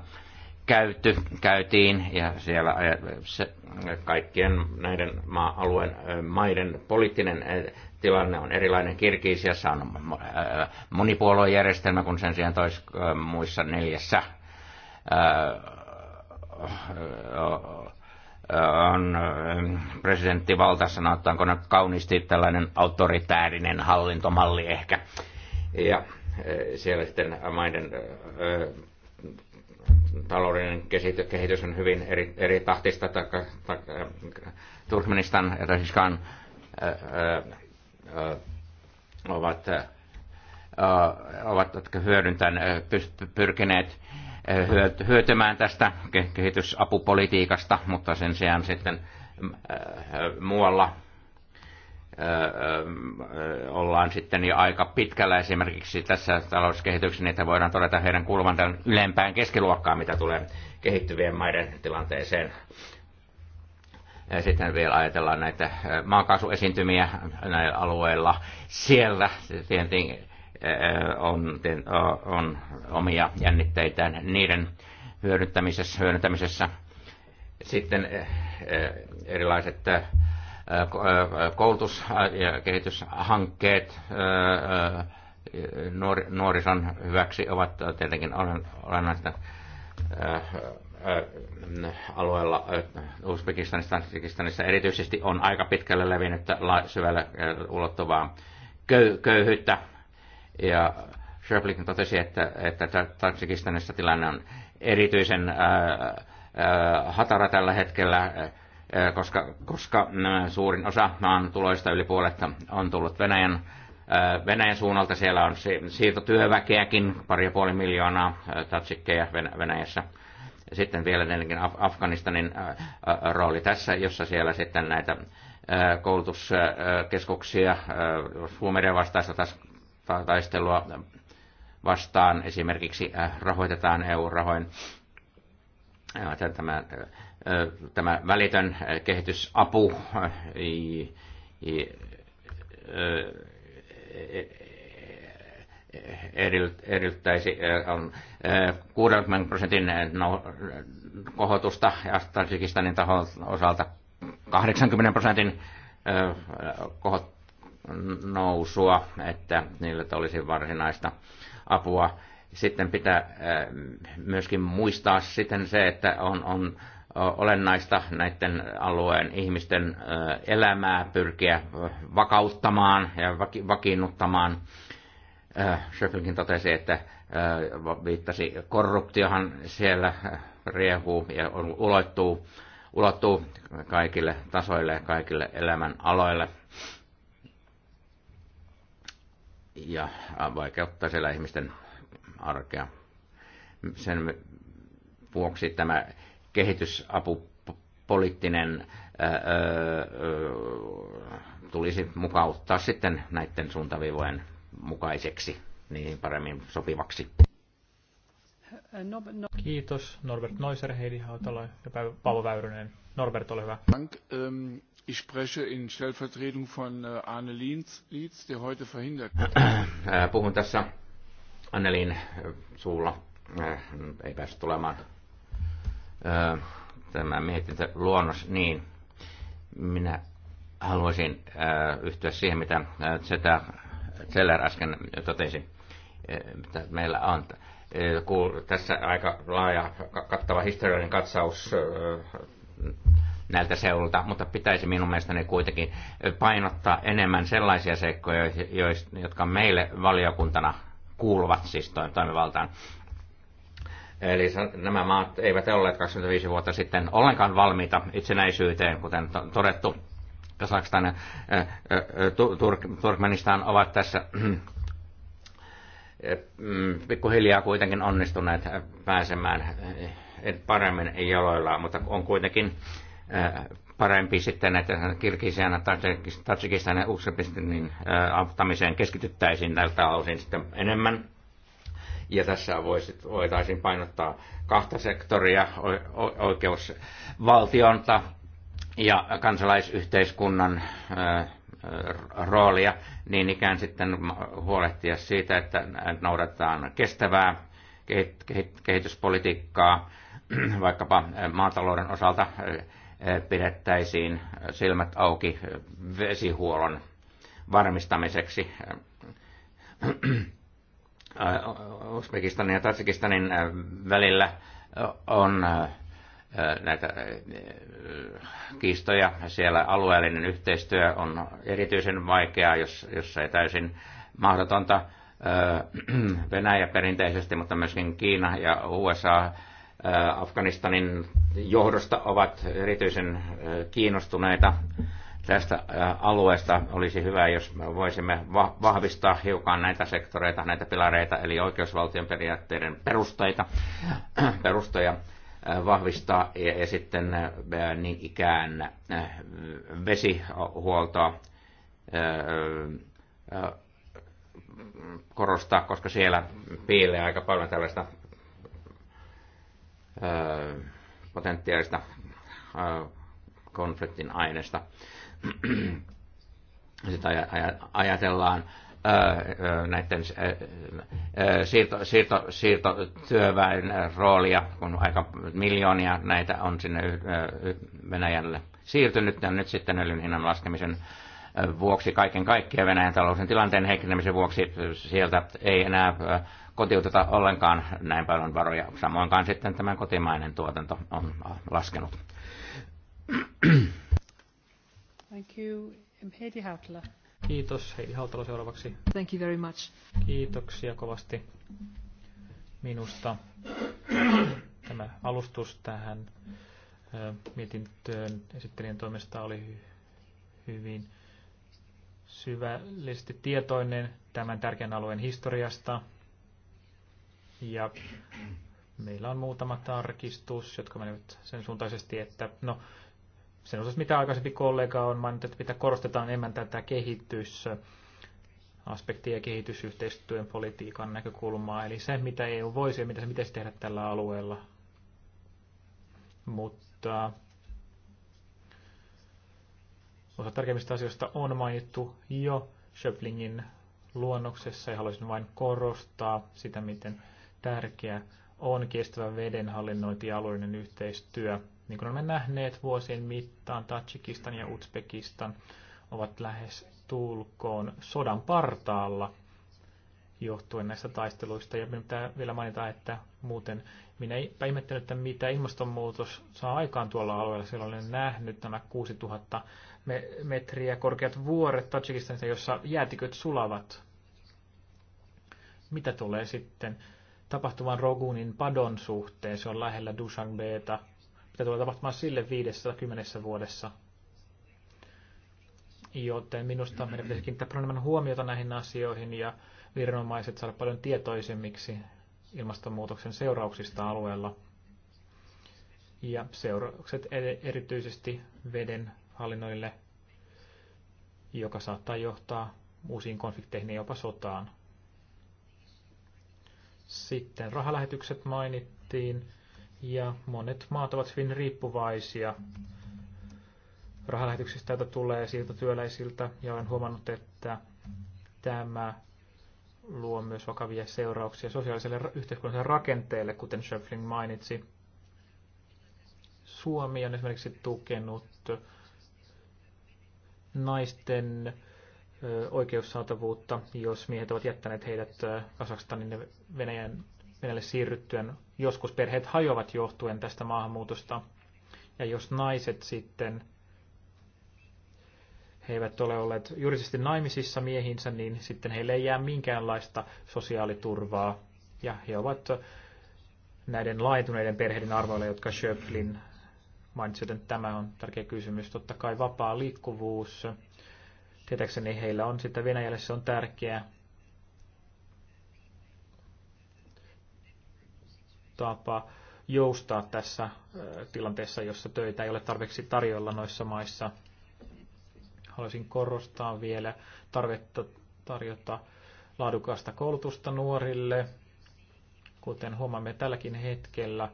Speaker 3: käyty, käytiin ja siellä se, kaikkien näiden maa-alueen maiden poliittinen tilanne on erilainen. Kirkiisiassa on monipuoluejärjestelmä kuin sen sijaan tois muissa neljässä on ähm, presidentti sanotaanko no, nyt kauniisti tällainen autoritäärinen hallintomalli ehkä. Ja äh, siellä sitten maiden äh, äh, taloudellinen kehitys on hyvin eri, eri tahtista. Turkmenistan ja Rasiskan ovat, ovat hyödyntäneet, pyrkineet hyötymään tästä kehitysapupolitiikasta, mutta sen sijaan sitten mm, äh, äh, muualla äh, ollaan sitten jo aika pitkällä esimerkiksi tässä talouskehityksessä, että voidaan todeta heidän kuuluvan tämän ylempään keskiluokkaan, mitä tulee kehittyvien maiden tilanteeseen. Ja sitten vielä ajatellaan näitä maakaasuesiintymiä näillä alueilla. Siellä tietenkin on, on omia jännitteitään niiden hyödyntämisessä, hyödyntämisessä. Sitten erilaiset koulutus- ja kehityshankkeet nuorison hyväksi ovat tietenkin olennaista alueella Uzbekistanissa, Tajikistanissa erityisesti on aika pitkälle levinnyt syvälle ulottuvaa köyhyyttä, ja Schöpling totesi, että, että Tatsikistanissa tilanne on erityisen ää, äh, ää, äh, hatara tällä hetkellä, ää, äh, koska, koska suurin osa maan tuloista yli puoletta on tullut Venäjän, ää, Venäjän suunnalta. Siellä on si, siirtotyöväkeäkin, pari ja puoli miljoonaa tatsikkeja Venäjässä sitten vielä tietenkin Af- Afganistanin rooli tässä, jossa siellä sitten näitä koulutuskeskuksia, huumeiden vastaista taistelua vastaan esimerkiksi äh, rahoitetaan EU-rahoin. Äh, tämä, äh, tämä välitön kehitysapu edellyttäisi 60 prosentin no, kohotusta ja Tajikistanin osalta 80 prosentin kohot, nousua, että niille olisi varsinaista apua. Sitten pitää äh, myöskin muistaa sitten se, että on, on olennaista näiden alueen ihmisten äh, elämää pyrkiä vakauttamaan ja vakiinnuttamaan. Äh, Schöffelkin totesi, että viittasi korruptiohan siellä riehuu ja ulottuu, ulottuu kaikille tasoille ja kaikille elämän aloille. ja vaikeuttaa siellä ihmisten arkea. Sen vuoksi tämä kehitysapupoliittinen tulisi mukauttaa sitten näiden suuntaviivojen mukaiseksi, niin paremmin sopivaksi.
Speaker 1: Kiitos Norbert Noiser, Heidi Hautala ja
Speaker 4: Paavo Väyrynen. Norbert, ole hyvä. Ähm, Ich spreche in Stellvertretung von äh, Arne Lietz, der heute verhindert. <clears throat>
Speaker 3: Äh, puhun tässä Annelin äh, suulla. Ei päässyt tulemaan tämä mietintä luonnos niin. Minä haluaisin yhtyä siihen, mitä Zeta Zeller äsken totesi. Meillä on tässä aika laaja kattava historiallinen katsaus näiltä seudulta, mutta pitäisi minun mielestäni kuitenkin painottaa enemmän sellaisia seikkoja, jotka meille valiokuntana kuuluvat siis toimivaltaan. Eli nämä maat eivät olleet 25 vuotta sitten ollenkaan valmiita itsenäisyyteen, kuten todettu. Kasakstan ja Turkmenistan ovat tässä mm, pikkuhiljaa kuitenkin onnistuneet pääsemään paremmin jaloillaan, mutta on kuitenkin parempi sitten että Kirgisian ja Tatsikistanin ja Uzbekistanin auttamiseen keskityttäisiin näiltä osin sitten enemmän. Ja tässä voisit, voitaisiin painottaa kahta sektoria, oikeusvaltionta ja kansalaisyhteiskunnan roolia, niin ikään sitten huolehtia siitä, että noudatetaan kestävää kehityspolitiikkaa, <clears throat> vaikkapa maatalouden osalta Eh, pidettäisiin silmät auki vesihuollon varmistamiseksi. Eh, Uzbekistanin ja Tatsikistanin eh, välillä on näitä kiistoja. Siellä alueellinen yhteistyö on erityisen vaikeaa, jos, jos ei täysin mahdotonta. <clears throat> Venäjä perinteisesti, mutta myöskin Kiina ja USA Äh, Afganistanin johdosta ovat erityisen äh, kiinnostuneita tästä äh, alueesta. Olisi hyvä, jos voisimme vahvistaa hiukan näitä sektoreita, näitä pilareita, eli oikeusvaltion periaatteiden perusteita, <clears throat> perusteja vahvistaa ja, ja sitten niin ikään vesihuoltoa korostaa, koska siellä piilee aika paljon tällaista potentiaalista konfliktin aineesta. Sitä ajatellaan näiden siirto, siirto, siirtotyöväen roolia, kun aika miljoonia näitä on sinne Venäjälle siirtynyt, ja nyt sitten öljyn hinnan laskemisen vuoksi, kaiken kaikkiaan Venäjän talouden tilanteen heikkenemisen vuoksi sieltä ei enää kotiuteta ollenkaan näin paljon varoja. Samoinkaan sitten tämä kotimainen tuotanto on laskenut.
Speaker 1: Thank you. Heidi Hautala. Kiitos. Heidi Hautala seuraavaksi. Thank you very much. Kiitoksia kovasti minusta. Tämä alustus tähän mietintöön esittelijän toimesta oli hyvin syvällisesti tietoinen tämän tärkeän alueen historiasta, ja meillä on muutama tarkistus, jotka menevät sen suuntaisesti, että no, sen osas mitä aikaisempi kollega on mainittu, että mitä korostetaan enemmän tätä kehitys ja kehitysyhteistyön politiikan näkökulmaa, eli se, mitä EU voisi ja mitä se pitäisi tehdä tällä alueella. Mutta osa tärkeimmistä asioista on mainittu jo Schöplingin luonnoksessa ja haluaisin vain korostaa sitä, miten tärkeä on kestävä vedenhallinnointi ja alueellinen yhteistyö. Niin kuin olemme nähneet vuosien mittaan, Tajikistan ja Uzbekistan ovat lähes tulkoon sodan partaalla johtuen näistä taisteluista. Ja minun pitää vielä mainita, että muuten minä ei ihmettänyt, että mitä ilmastonmuutos saa aikaan tuolla alueella. Silloin olen nähnyt nämä 6000 metriä korkeat vuoret Tajikistanissa, jossa jäätiköt sulavat. Mitä tulee sitten tapahtuvan Rogunin padon suhteen. Se on lähellä Dushanbeeta. Mitä tulee tapahtumaan sille 50 vuodessa? Joten minusta meidän pitäisi kiinnittää paljon enemmän huomiota näihin asioihin ja viranomaiset saada paljon tietoisemmiksi ilmastonmuutoksen seurauksista alueella. Ja seuraukset erityisesti veden hallinnoille, joka saattaa johtaa uusiin konflikteihin ja jopa sotaan. Sitten rahalähetykset mainittiin ja monet maat ovat hyvin riippuvaisia rahalähetyksistä, joita tulee työläisiltä ja olen huomannut, että tämä luo myös vakavia seurauksia sosiaaliselle yhteiskunnalliselle rakenteelle, kuten Schöpfling mainitsi. Suomi on esimerkiksi tukenut naisten oikeussaatavuutta, jos miehet ovat jättäneet heidät Kasakstanin ja Venäjän, Venäjälle siirryttyen. Joskus perheet hajoavat johtuen tästä maahanmuutosta. Ja jos naiset sitten, he eivät ole olleet juridisesti naimisissa miehinsä, niin sitten heille ei jää minkäänlaista sosiaaliturvaa. Ja he ovat näiden laajentuneiden perheiden arvoilla, jotka Schöpflin mainitsi, että tämä on tärkeä kysymys. Totta kai vapaa liikkuvuus Tietääkseni heillä on sitten Venäjälle, se on tärkeää. tapa joustaa tässä tilanteessa, jossa töitä ei ole tarpeeksi tarjolla noissa maissa. Haluaisin korostaa vielä tarvetta tarjota laadukasta koulutusta nuorille. Kuten huomaamme tälläkin hetkellä,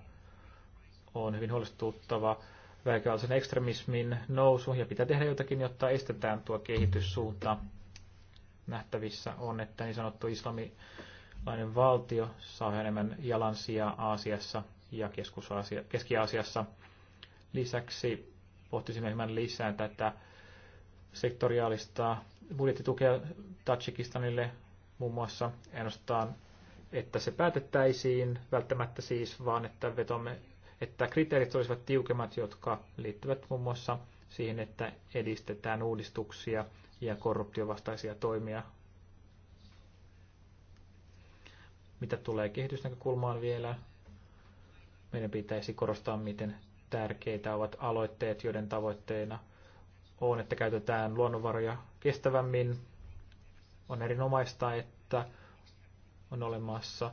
Speaker 1: on hyvin huolestuttava väkivaltaisen ekstremismin nousu ja pitää tehdä jotakin, jotta estetään tuo kehityssuunta. Nähtävissä on, että niin sanottu islamilainen valtio saa enemmän jalansijaa Aasiassa ja Keski-Aasiassa. Lisäksi pohtisimme hieman lisää tätä sektoriaalista budjettitukea Tajikistanille muun muassa ainoastaan, että se päätettäisiin välttämättä siis, vaan että vetomme että kriteerit olisivat tiukemmat, jotka liittyvät muun muassa siihen, että edistetään uudistuksia ja korruptiovastaisia toimia. Mitä tulee kehitysnäkökulmaan vielä, meidän pitäisi korostaa, miten tärkeitä ovat aloitteet, joiden tavoitteena on, että käytetään luonnonvaroja kestävämmin. On erinomaista, että on olemassa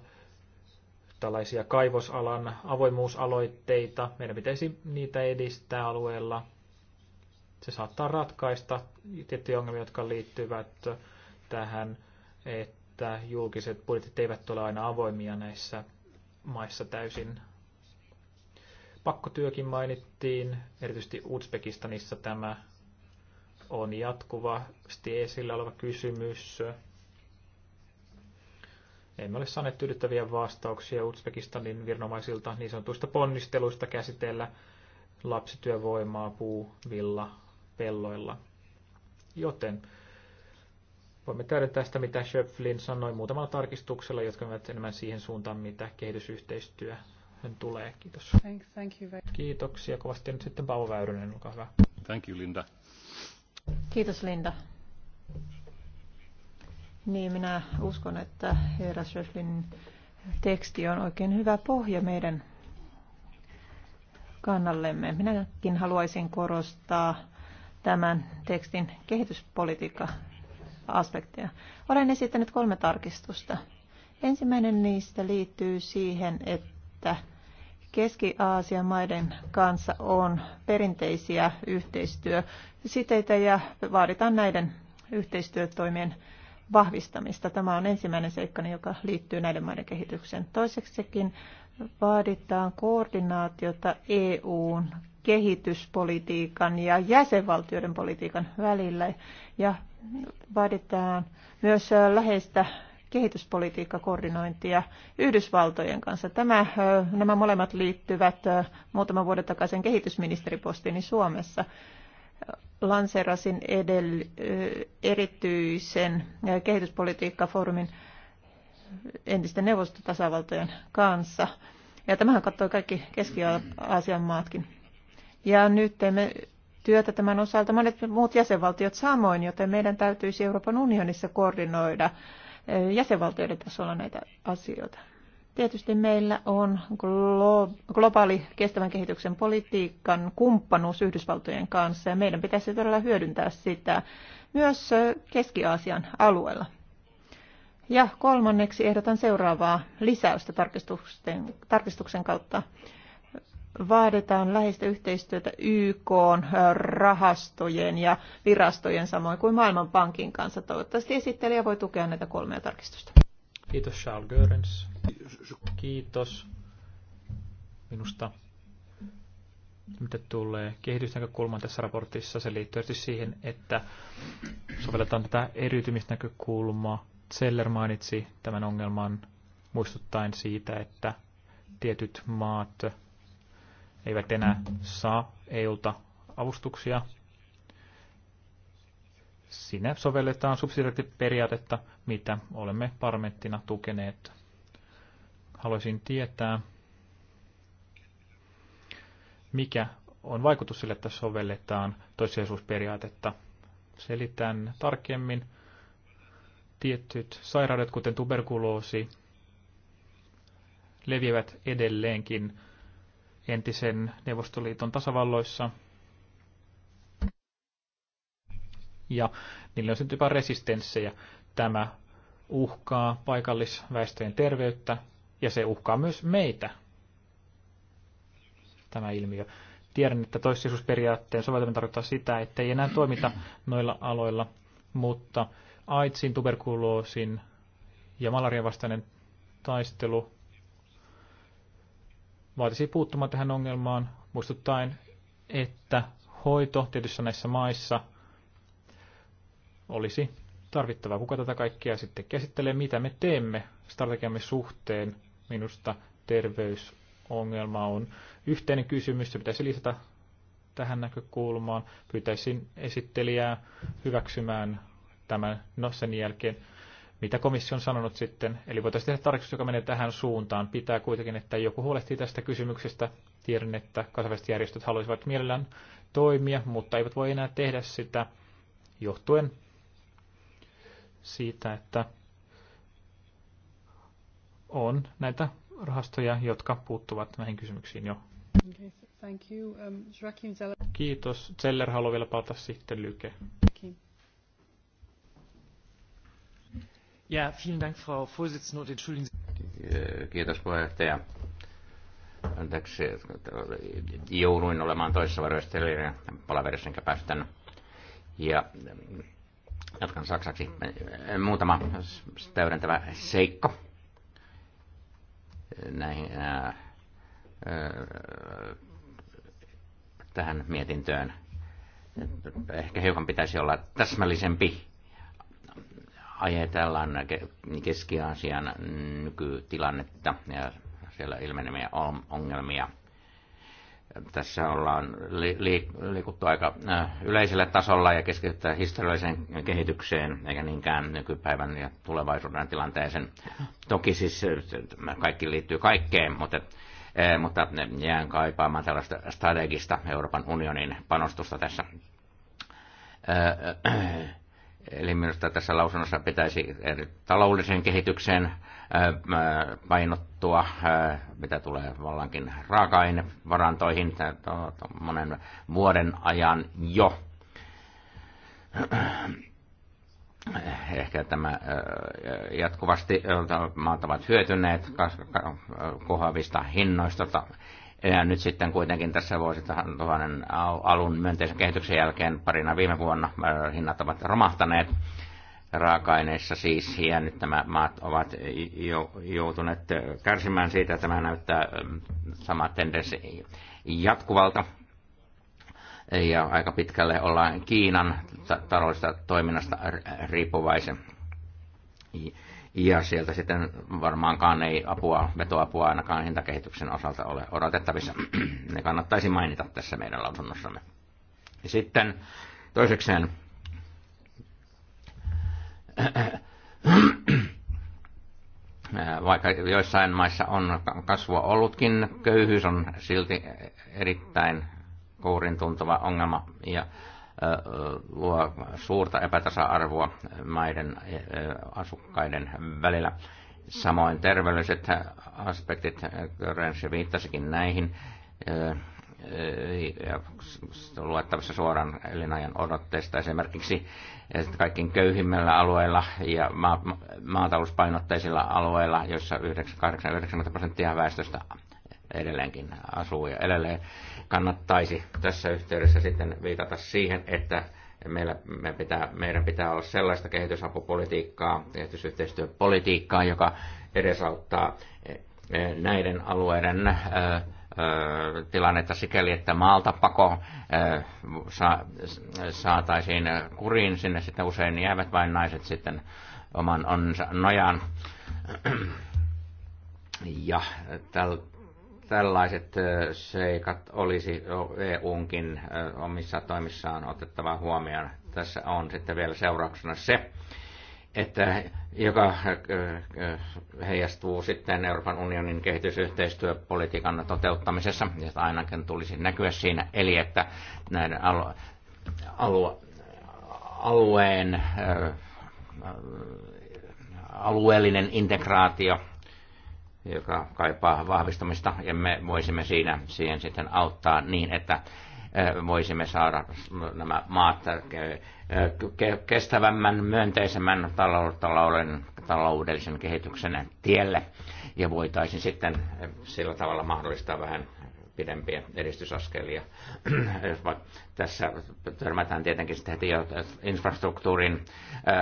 Speaker 1: tällaisia kaivosalan avoimuusaloitteita. Meidän pitäisi niitä edistää alueella. Se saattaa ratkaista tiettyjä ongelmia, jotka liittyvät tähän, että julkiset budjetit eivät ole aina avoimia näissä maissa täysin. Pakkotyökin mainittiin, erityisesti Uzbekistanissa tämä on jatkuvasti esillä oleva kysymys. Emme ole saaneet tyydyttäviä vastauksia Uzbekistanin viranomaisilta niin sanotuista ponnisteluista käsitellä lapsityövoimaa puuvilla pelloilla. Joten voimme täydentää sitä, mitä Schöpflin sanoi muutamalla tarkistuksella, jotka ovat enemmän siihen suuntaan, mitä kehitysyhteistyö tulee. Kiitos. Thank, thank you very... Kiitoksia kovasti. Nyt sitten Paavo Väyrynen, olkaa hyvä. Thank you, Linda.
Speaker 2: Kiitos, Linda niin minä uskon, että herra Schöflin teksti on oikein hyvä pohja meidän kannallemme. Minäkin haluaisin korostaa tämän tekstin kehityspolitiikka-aspekteja. Olen esittänyt kolme tarkistusta. Ensimmäinen niistä liittyy siihen, että Keski-Aasian maiden kanssa on perinteisiä yhteistyösiteitä ja vaaditaan näiden yhteistyötoimien vahvistamista. Tämä on ensimmäinen seikka, joka liittyy näiden maiden kehitykseen. Toiseksikin vaaditaan koordinaatiota EUn kehityspolitiikan ja jäsenvaltioiden politiikan välillä ja vaaditaan myös läheistä kehityspolitiikkakoordinointia Yhdysvaltojen kanssa. Tämä, nämä molemmat liittyvät muutaman vuoden takaisin kehitysministeripostiini Suomessa lanserasin edell, erityisen äh, kehityspolitiikkafoorumin entisten neuvostotasavaltojen kanssa. Ja tämähän katsoi kaikki Keski-Aasian maatkin. Ja nyt teemme työtä tämän osalta monet muut jäsenvaltiot samoin, joten meidän täytyisi Euroopan unionissa koordinoida äh, jäsenvaltioiden tasolla näitä asioita. Tietysti meillä on globaali kestävän kehityksen politiikan kumppanuus Yhdysvaltojen kanssa ja meidän pitäisi todella hyödyntää sitä myös Keski-Aasian alueella. Ja kolmanneksi ehdotan seuraavaa lisäystä tarkistuksen kautta. Vaaditaan läheistä yhteistyötä YK, rahastojen ja virastojen samoin kuin Maailmanpankin kanssa. Toivottavasti esittelijä voi tukea näitä kolmea tarkistusta.
Speaker 1: Kiitos Charles Görens. Kiitos. Minusta mitä tulee kehitysnäkökulmaan tässä raportissa, se liittyy siihen, että sovelletaan tätä eriytymisnäkökulmaa. Zeller mainitsi tämän ongelman muistuttaen siitä, että tietyt maat eivät enää saa EUlta avustuksia. Siinä sovelletaan subsidiariteettiperiaatetta, mitä olemme parlamenttina tukeneet. Haluaisin tietää, mikä on vaikutus sille, että sovelletaan toissijaisuusperiaatetta. Selitän tarkemmin. Tietyt sairaudet, kuten tuberkuloosi, leviävät edelleenkin entisen Neuvostoliiton tasavalloissa. Ja niille on syntynyt resistenssejä. Tämä uhkaa paikallisväestöjen terveyttä ja se uhkaa myös meitä, tämä ilmiö. Tiedän, että toissijaisuusperiaatteen soveltaminen tarkoittaa sitä, että ei enää toimita noilla aloilla, mutta AIDSin, tuberkuloosin ja malarian vastainen taistelu vaatisi puuttumaan tähän ongelmaan, muistuttaen, että hoito tietyissä näissä maissa olisi tarvittava. Kuka tätä kaikkea sitten käsittelee, mitä me teemme strategiamme suhteen Minusta terveysongelma on yhteinen kysymys, se pitäisi lisätä tähän näkökulmaan. Pyytäisin esittelijää hyväksymään tämän, no sen jälkeen, mitä komissio on sanonut sitten. Eli voitaisiin tehdä tarkistus, joka menee tähän suuntaan. Pitää kuitenkin, että joku huolehtii tästä kysymyksestä. Tiedän, että kansainväliset järjestöt haluaisivat mielellään toimia, mutta eivät voi enää tehdä sitä johtuen siitä, että on näitä rahastoja, jotka puuttuvat näihin kysymyksiin jo.
Speaker 4: Okay, thank you. Um, Joachim Zeller.
Speaker 1: Kiitos. Zeller haluaa vielä palata sitten Lyke. Ja, vielen Dank, Frau Vorsitzende, entschuldigen Sie.
Speaker 3: Kiitos puheenjohtaja. Anteeksi, jouduin olemaan toisessa varjoistelijana palaverissa, enkä päässyt Ja jatkan saksaksi. Muutama täydentävä seikka näihin, ää, ää, tähän mietintöön. Ehkä hiukan pitäisi olla täsmällisempi ajetellaan Keski-Aasian nykytilannetta ja siellä ilmeneviä ongelmia – tässä ollaan li, li, liikuttu aika äh, yleisellä tasolla ja keskitytään historialliseen kehitykseen, eikä niinkään nykypäivän ja tulevaisuuden tilanteeseen. Toki siis äh, kaikki liittyy kaikkeen, mutta, äh, mutta jään kaipaamaan tällaista strategista Euroopan unionin panostusta tässä. Eli minusta tässä lausunnossa pitäisi taloudellisen kehitykseen painottua, mitä tulee vallankin raaka-ainevarantoihin monen vuoden ajan jo. Ehkä tämä jatkuvasti maat ovat hyötyneet kohavista hinnoista. Ja nyt sitten kuitenkin tässä vuosituhannen alun myönteisen kehityksen jälkeen parina viime vuonna hinnat ovat romahtaneet raaka-aineissa siis, ja nyt nämä maat ovat jo, joutuneet kärsimään siitä, että tämä näyttää mm, sama tendenssi jatkuvalta. Ja aika pitkälle ollaan Kiinan taloudellisesta toiminnasta riippuvaisen. Ja sieltä sitten varmaankaan ei apua, vetoapua ainakaan hintakehityksen osalta ole odotettavissa. Ne kannattaisi mainita tässä meidän lausunnossamme. Sitten toisekseen Äh, vaikka joissain maissa on kasvua ollutkin, köyhyys on silti erittäin kourin tuntuva ongelma ja äh, luo suurta epätasa-arvoa maiden äh, asukkaiden välillä. Samoin terveelliset aspektit, Rensi viittasikin näihin, luettavissa suoraan elinajan odotteesta esimerkiksi kaikkien köyhimmillä alueilla ja ma- maatalouspainotteisilla alueilla, joissa 90 prosenttia väestöstä edelleenkin asuu ja edelleen kannattaisi tässä yhteydessä sitten viitata siihen, että meillä, me pitää, meidän pitää olla sellaista kehitysapupolitiikkaa, kehitysyhteistyöpolitiikkaa, joka edesauttaa e, e, näiden alueiden ää, tilannetta sikäli, että maalta pako saataisiin kuriin. Sinne sitten usein jäävät vain naiset sitten oman onsa nojaan. Ja täl, tällaiset seikat olisi EUnkin omissa toimissaan otettava huomioon. Tässä on sitten vielä seurauksena se, että joka äh, äh, heijastuu sitten Euroopan unionin kehitysyhteistyöpolitiikan toteuttamisessa, ja ainakin tulisi näkyä siinä, eli että näiden alu alueen äh, alueellinen integraatio, joka kaipaa vahvistamista, ja me voisimme siinä siihen sitten auttaa niin, että voisimme saada nämä maat kestävämmän, myönteisemmän talouden, taloudellisen kehityksen tielle ja voitaisiin sitten sillä tavalla mahdollistaa vähän pidempiä edistysaskelia. Äh, tässä törmätään tietenkin sitten heti jo infrastruktuurin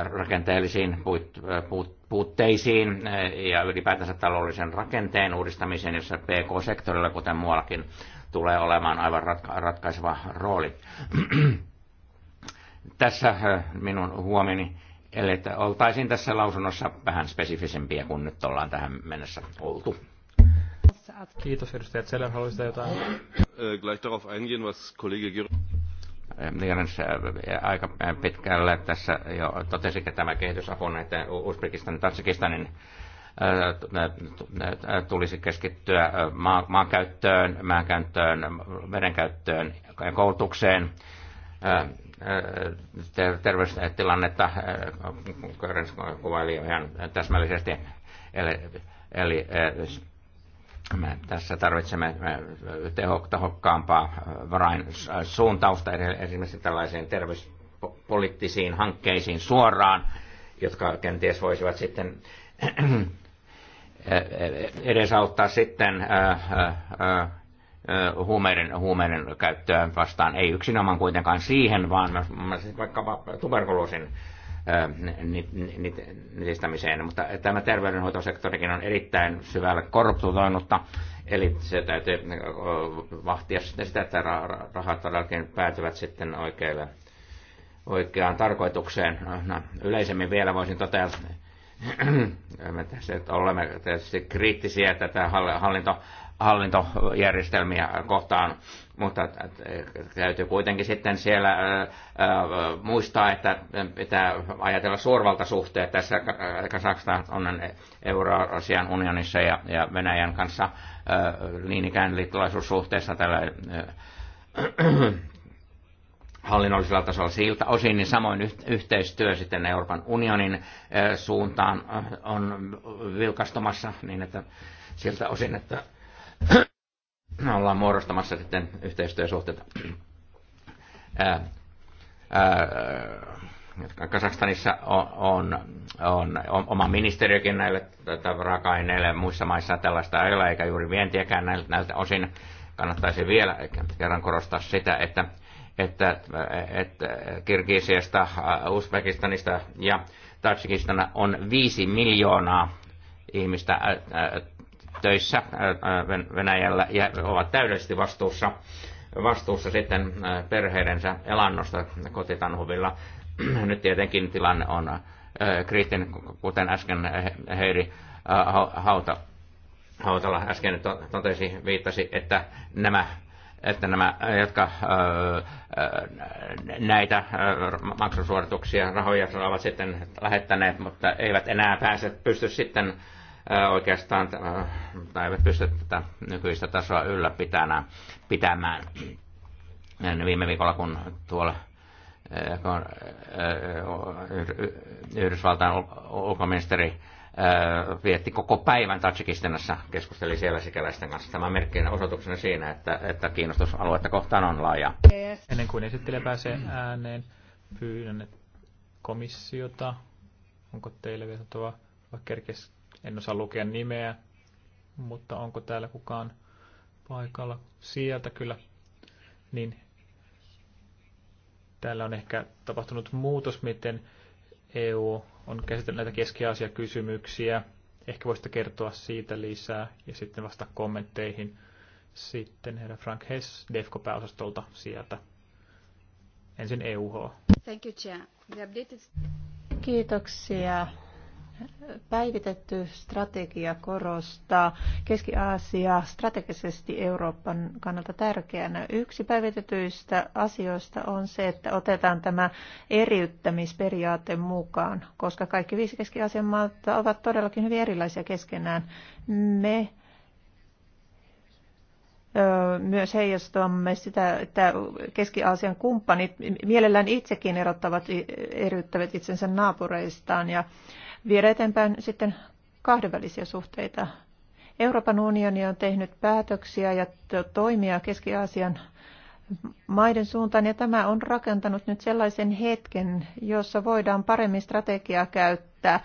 Speaker 3: rakenteellisiin puutteisiin ja ylipäätänsä taloudellisen rakenteen uudistamiseen, jossa PK-sektorilla, kuten muuallakin tulee olemaan aivan ratka- ratkaiseva rooli. <clears throat> tässä minun huomioni, eli että oltaisiin tässä lausunnossa vähän spesifisempiä kuin nyt ollaan tähän mennessä oltu.
Speaker 1: Kiitos edustaja Zeller, haluaisitko jotain?
Speaker 4: Gleich darauf eingehen, was Kollege Giro...
Speaker 3: aika pitkälle tässä jo totesikin tämä kehitysapu näiden Uzbekistan, Tatsikistanin tulisi keskittyä maankäyttöön, maankäyttöön, merenkäyttöön, koulutukseen, terveystilannetta kuvaili ihan täsmällisesti. Eli, eli me tässä tarvitsemme tehokkaampaa varain suuntausta esimerkiksi tällaisiin terveyspoliittisiin hankkeisiin suoraan, jotka kenties voisivat sitten edesauttaa sitten huumeiden, huumeiden käyttöä vastaan, ei yksinomaan kuitenkaan siihen, vaan myös vaikkapa tuberkuloosin nitistämiseen, mutta tämä terveydenhoitosektorikin on erittäin syvälle korruptoitunutta, eli se täytyy vahtia sitten sitä, että rahat todellakin päätyvät sitten oikeille, oikeaan tarkoitukseen. No, no, yleisemmin vielä voisin toteuttaa, me tässä nyt olemme tässä kriittisiä tätä hallinto, hallintojärjestelmiä kohtaan, mutta täytyy kuitenkin sitten siellä muistaa, että pitää ajatella suurvaltasuhteet. Tässä Kasakstan on Euroasian unionissa ja, ja Venäjän kanssa niin ikään liittolaisuussuhteessa tällä hallinnollisella tasolla siltä osin, niin samoin yhteistyö sitten Euroopan unionin äh, suuntaan äh, on vilkastumassa niin, että siltä osin, että <clears throat> ollaan muodostamassa sitten yhteistyösuhteita. Äh, Kasakstanissa on, on, on, oma ministeriökin näille raaka-aineille, muissa maissa tällaista ei ole, eikä juuri vientiäkään näiltä, näiltä osin. Kannattaisi vielä kerran korostaa sitä, että että, että Kirgisiasta, Uzbekistanista ja Tatsikistana on viisi miljoonaa ihmistä töissä Venäjällä ja ovat täydellisesti vastuussa, vastuussa sitten perheidensä elannosta kotitanhuvilla. <clears throat> Nyt tietenkin tilanne on kriittinen, kuten äsken Heidi Hauta, Hautala äsken totesi, viittasi, että nämä että nämä, jotka näitä maksusuorituksia rahoja ovat sitten lähettäneet, mutta eivät enää pääse pysty sitten oikeastaan, tai eivät pysty tätä nykyistä tasoa ylläpitämään. Pitämään. Viime viikolla, kun tuolla kun Yhdysvaltain ulkoministeri Äh, vietti koko päivän Tatsikistanassa, keskusteli siellä sikäläisten kanssa. Tämä merkki osoituksena siinä, että, että kiinnostus kohtaan on laaja.
Speaker 1: Ennen kuin esittelijä pääsee ääneen, pyydän komissiota. Onko teille vielä tuo, vaikka kerkes, en osaa lukea nimeä, mutta onko täällä kukaan paikalla? Sieltä kyllä. Niin täällä on ehkä tapahtunut muutos, miten EU on käsitellyt näitä keski kysymyksiä. Ehkä voisitte kertoa siitä lisää ja sitten vasta kommentteihin sitten herra Frank Hess DEFCO-pääosastolta sieltä. Ensin EUH.
Speaker 2: Thank you, Chair. Kiitoksia päivitetty strategia korostaa Keski-Aasiaa strategisesti Euroopan kannalta tärkeänä. Yksi päivitetyistä asioista on se, että otetaan tämä eriyttämisperiaate mukaan, koska kaikki viisi Keski-Aasian maata ovat todellakin hyvin erilaisia keskenään. Me myös heijastamme sitä, että Keski-Aasian kumppanit mielellään itsekin erottavat, eriyttävät itsensä naapureistaan ja viedä eteenpäin sitten kahdenvälisiä suhteita. Euroopan unioni on tehnyt päätöksiä ja toimia Keski-Aasian maiden suuntaan, ja tämä on rakentanut nyt sellaisen hetken, jossa voidaan paremmin strategiaa käyttää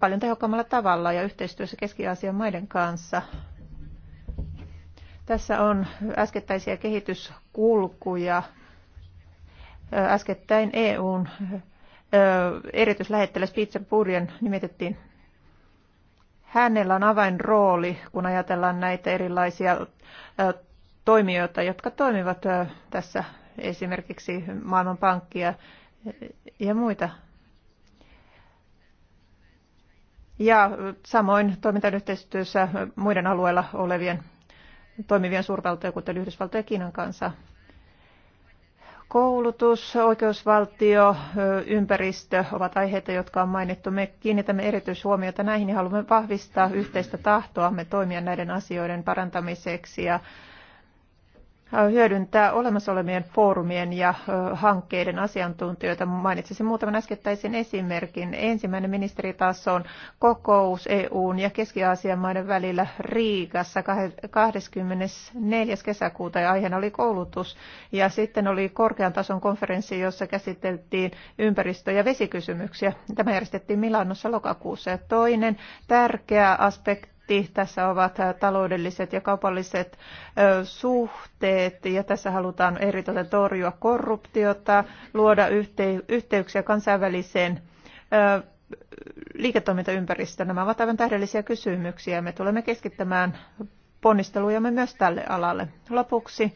Speaker 2: paljon tehokkaammalla tavalla ja yhteistyössä Keski-Aasian maiden kanssa. Tässä on äskettäisiä kehityskulkuja. Äskettäin EUn erityislähettiläs Pizza Purjan nimitettiin. Hänellä on avainrooli, kun ajatellaan näitä erilaisia toimijoita, jotka toimivat tässä esimerkiksi Maailmanpankkia ja muita. Ja samoin toimintayhteistyössä muiden alueilla olevien toimivien suurvaltojen, kuten Yhdysvaltojen ja Kiinan kanssa. Koulutus, oikeusvaltio, ympäristö ovat aiheita, jotka on mainittu. Me kiinnitämme erityishuomiota näihin ja haluamme vahvistaa yhteistä tahtoamme toimia näiden asioiden parantamiseksi ja Äh, hyödyntää olemassa olevien foorumien ja äh, hankkeiden asiantuntijoita. Mainitsisin muutaman äskettäisen esimerkin. Ensimmäinen ministeritason kokous EUn ja Keski-Aasian maiden välillä Riikassa 24. kesäkuuta ja aiheena oli koulutus. Ja sitten oli korkean tason konferenssi, jossa käsiteltiin ympäristö- ja vesikysymyksiä. Tämä järjestettiin Milanossa lokakuussa. Ja toinen tärkeä aspekti elementti tässä ovat äh, taloudelliset ja kaupalliset äh, suhteet ja tässä halutaan eritoten torjua korruptiota, luoda yhteyksiä kansainväliseen äh, liiketoimintaympäristöön. Nämä ovat aivan tähdellisiä kysymyksiä. Me tulemme keskittämään ponnistelujamme myös tälle alalle. Lopuksi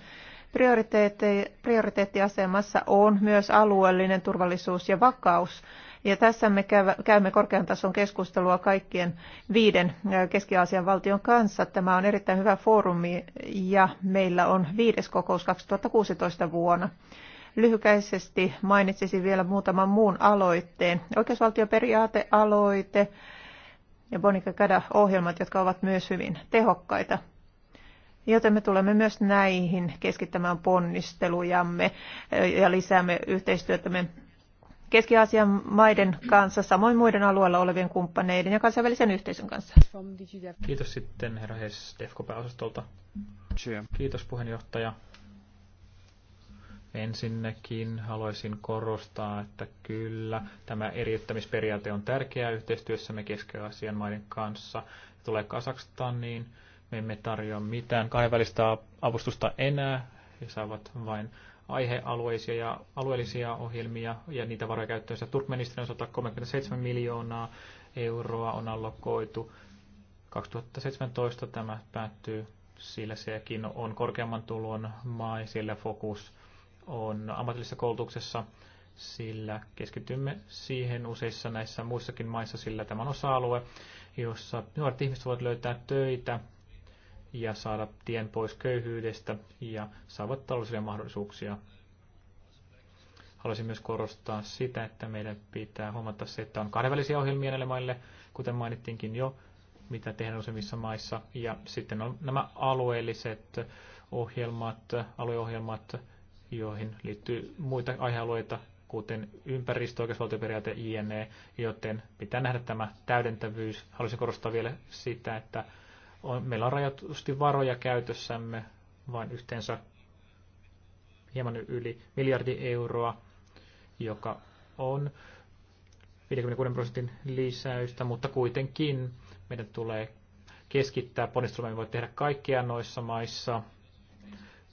Speaker 2: prioriteetti, prioriteettiasemassa on myös alueellinen turvallisuus ja vakaus. Ja tässä me käymme korkean tason keskustelua kaikkien viiden äh, Keski-Aasian valtion kanssa. Tämä on erittäin hyvä foorumi ja meillä on viides kokous 2016 vuonna. Lyhykäisesti mainitsisin vielä muutaman muun aloitteen. Oikeusvaltioperiaatealoite ja Bonika Kada-ohjelmat, jotka ovat myös hyvin tehokkaita joten me tulemme myös näihin keskittämään ponnistelujamme äh, ja lisäämme yhteistyötämme Keski-Aasian maiden kanssa, samoin muiden alueella olevien kumppaneiden ja kansainvälisen yhteisön kanssa.
Speaker 1: Kiitos sitten herra Hess DEFCO-pääosastolta. Kiitos puheenjohtaja. Ensinnäkin haluaisin korostaa, että kyllä tämä eriyttämisperiaate on tärkeä yhteistyössämme Keski-Aasian maiden kanssa. Tulee Kasakstaniin, me emme tarjoa mitään kahdenvälistä avustusta enää, he saavat vain aihealueisia ja alueellisia ohjelmia ja niitä varoja käyttöönsä. Turkmenistan osalta 37 miljoonaa euroa on allokoitu. 2017 tämä päättyy, sillä sekin on korkeamman tulon maa ja siellä fokus on ammatillisessa koulutuksessa, sillä keskitymme siihen useissa näissä muissakin maissa, sillä tämä on osa-alue, jossa nuoret ihmiset voivat löytää töitä ja saada tien pois köyhyydestä ja saavat taloudellisia mahdollisuuksia. Haluaisin myös korostaa sitä, että meidän pitää huomata se, että on kahdenvälisiä ohjelmia näille maille, kuten mainittiinkin jo, mitä tehdään useimmissa maissa. Ja sitten on nämä alueelliset ohjelmat, alueohjelmat, joihin liittyy muita aihealueita, kuten ympäristö, oikeusvaltioperiaate, INE, joten pitää nähdä tämä täydentävyys. Haluaisin korostaa vielä sitä, että on, meillä on rajatusti varoja käytössämme, vain yhteensä hieman yli miljardi euroa, joka on 56 prosentin lisäystä, mutta kuitenkin meidän tulee keskittää ponnistelumme, voi tehdä kaikkia noissa maissa.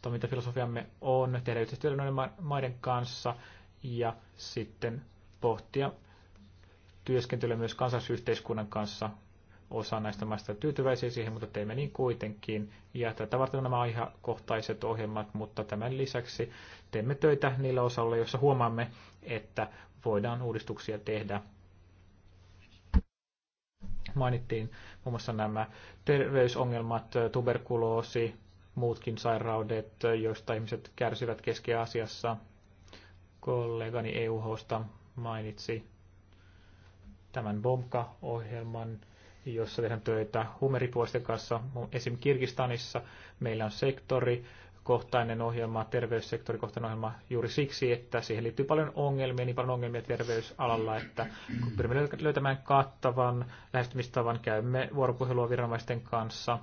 Speaker 1: Toimintafilosofiamme on tehdä yhteistyötä noiden maiden kanssa ja sitten pohtia työskentelyä myös kansallisyhteiskunnan kanssa osa näistä maista tyytyväisiä siihen, mutta teemme niin kuitenkin. Ja tätä varten nämä aihekohtaiset ohjelmat, mutta tämän lisäksi teemme töitä niillä osalla, joissa huomaamme, että voidaan uudistuksia tehdä. Mainittiin muun muassa nämä terveysongelmat, tuberkuloosi, muutkin sairaudet, joista ihmiset kärsivät Keski-Aasiassa. Kollegani EUHsta mainitsi tämän BOMKA-ohjelman jossa tehdään töitä huumeripuolisten kanssa. Esim. Kirgistanissa meillä on sektori, kohtainen ohjelma, terveyssektorikohtainen ohjelma juuri siksi, että siihen liittyy paljon ongelmia, niin paljon ongelmia terveysalalla, että kun pyrimme löytämään kattavan lähestymistavan, käymme vuoropuhelua viranomaisten kanssa.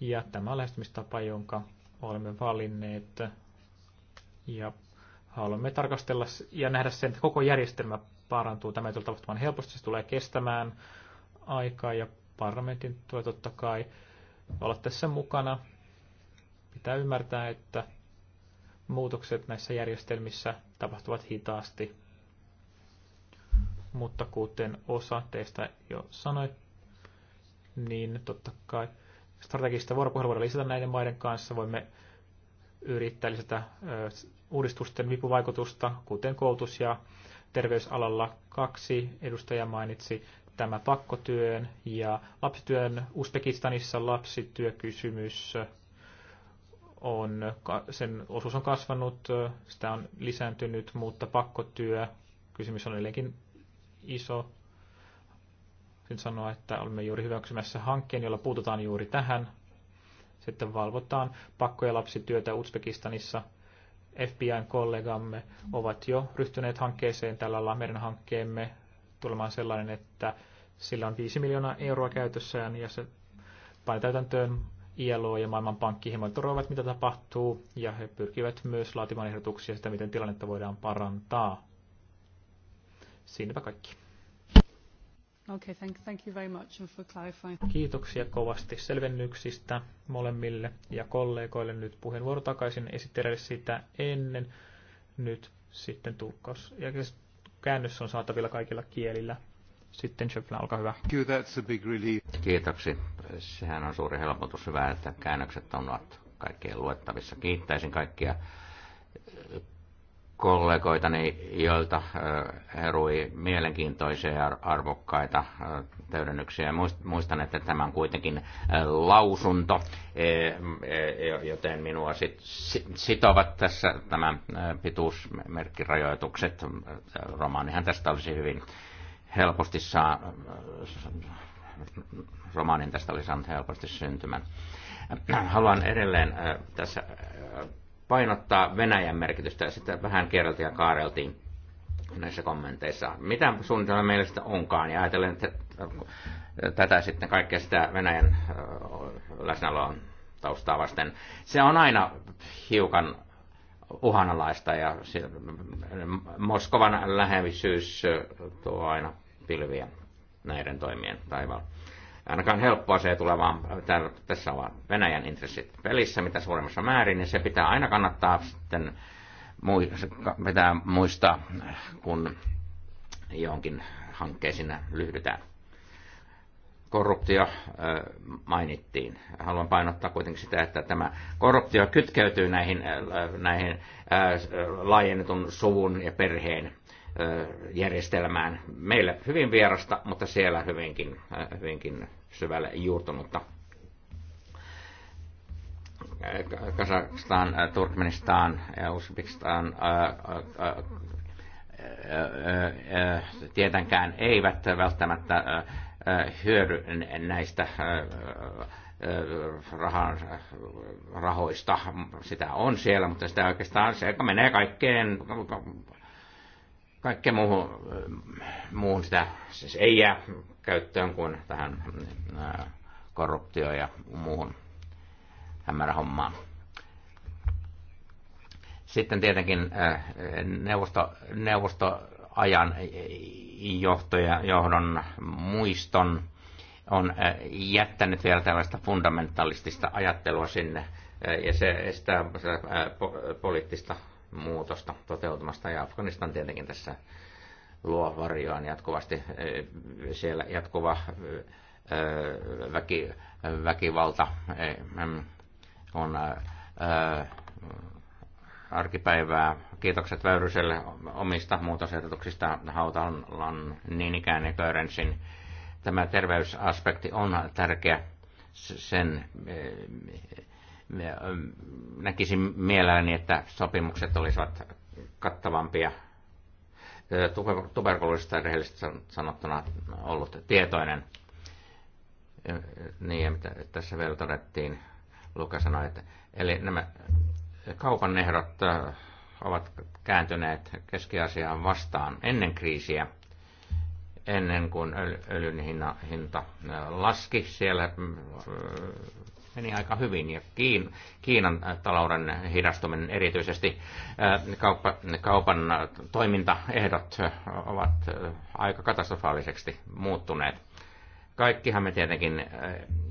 Speaker 1: Ja tämä on lähestymistapa, jonka olemme valinneet. Ja haluamme tarkastella ja nähdä sen, että koko järjestelmä parantuu. Tämä ei tule tapahtumaan helposti, se tulee kestämään aikaa ja parlamentin tulee totta kai olla tässä mukana. Pitää ymmärtää, että muutokset näissä järjestelmissä tapahtuvat hitaasti. Mutta kuten osa teistä jo sanoi, niin totta kai strategista vuoropuhelua voidaan lisätä näiden maiden kanssa. Voimme yrittää lisätä uudistusten vipuvaikutusta, kuten koulutus- ja terveysalalla. Kaksi edustajaa mainitsi tämä pakkotyön ja lapsityön Uzbekistanissa lapsityökysymys on, sen osuus on kasvanut, sitä on lisääntynyt, mutta pakkotyö, kysymys on edelleenkin iso. Sen sanoa, että olemme juuri hyväksymässä hankkeen, jolla puututaan juuri tähän. Sitten valvotaan pakko- ja lapsityötä Uzbekistanissa. FBIn kollegamme ovat jo ryhtyneet hankkeeseen tällä alalla. Meidän hankkeemme tulemaan sellainen, että sillä on 5 miljoonaa euroa käytössään ja se painaa täytäntöön ILO ja Maailmanpankki monitoroivat, mitä tapahtuu, ja he pyrkivät myös laatimaan ehdotuksia sitä, miten tilannetta voidaan parantaa. Siinäpä kaikki.
Speaker 4: Okay, thank, thank you very much for clarifying.
Speaker 1: Kiitoksia kovasti selvennyksistä molemmille ja kollegoille. Nyt puheenvuoro takaisin esittelee sitä ennen. Nyt sitten tulkkaus. Ja käännös on saatavilla kaikilla kielillä. Sitten Schöpflä, olkaa hyvä.
Speaker 3: That's a big relief. Kiitoksi. Sehän on suuri helpotus. Hyvä, että käännökset on kaikkien luettavissa. Kiittäisin kaikkia kollegoitani, joilta herui mielenkiintoisia ja arvokkaita täydennyksiä. Muistan, että tämä on kuitenkin lausunto, e, e, joten minua sit sitovat tässä tämä pituusmerkkirajoitukset. Romaanihan tästä olisi hyvin helposti saa, romaanin tästä olisi saanut helposti syntymän. Haluan edelleen tässä painottaa Venäjän merkitystä. Sitä vähän kerralti ja kaareltiin näissä kommenteissa. Mitä suunnitelma meillä sitä onkaan? Ja ajatellen että äh, tätä sitten kaikkea sitä Venäjän äh, läsnäoloa taustaa vasten. Se on aina hiukan uhanalaista ja Moskovan lähevisyys äh, tuo aina pilviä näiden toimien taivaalla ainakaan helppoa se tulee tule, vaan tässä on Venäjän intressit pelissä mitä suuremmassa määrin, niin se pitää aina kannattaa sitten pitää muistaa, kun johonkin hankkeisiin lyhdytään. Korruptio mainittiin. Haluan painottaa kuitenkin sitä, että tämä korruptio kytkeytyy näihin, näihin laajennetun suvun ja perheen järjestelmään. Meille hyvin vierasta, mutta siellä hyvinkin, hyvinkin syvälle juurtunutta. Kazakstan, Turkmenistan, Uzbekistan, tietenkään eivät välttämättä hyödy näistä rahan, rahoista. Sitä on siellä, mutta sitä oikeastaan se menee kaikkeen kaikkeen muuhun, muuhun sitä siis ei jää käyttöön kuin tähän korruptioon ja muuhun hämärähommaan. Sitten tietenkin neuvosto, neuvostoajan johtoja, johdon muiston on jättänyt vielä tällaista fundamentalistista ajattelua sinne, ja se estää poliittista muutosta toteutumasta. Ja Afganistan tietenkin tässä luo varjoaan jatkuvasti. Eh, siellä jatkuva eh, väki, väkivalta eh, on arkipäivää. Kiitokset Väyryselle omista muutosehdotuksista. Hautalan niin ikään ja Körensin. Tämä terveysaspekti on tärkeä sen Ähm, näkisin mielelläni, että sopimukset olisivat kattavampia. Tuberkuloisista rehellisesti sanottuna ollut tietoinen. Niin, mitä tässä vielä todettiin, Luka sanoi, että eli nämä kaupan ehdot ovat kääntyneet keskiasiaan vastaan ennen kriisiä, ennen kuin öljyn hinta laski siellä meni aika hyvin ja Kiin, Kiinan äh, talouden hidastuminen erityisesti äh, kauppa, kaupan äh, toimintaehdot ovat aika katastrofaalisesti muuttuneet. Kaikkihan me tietenkin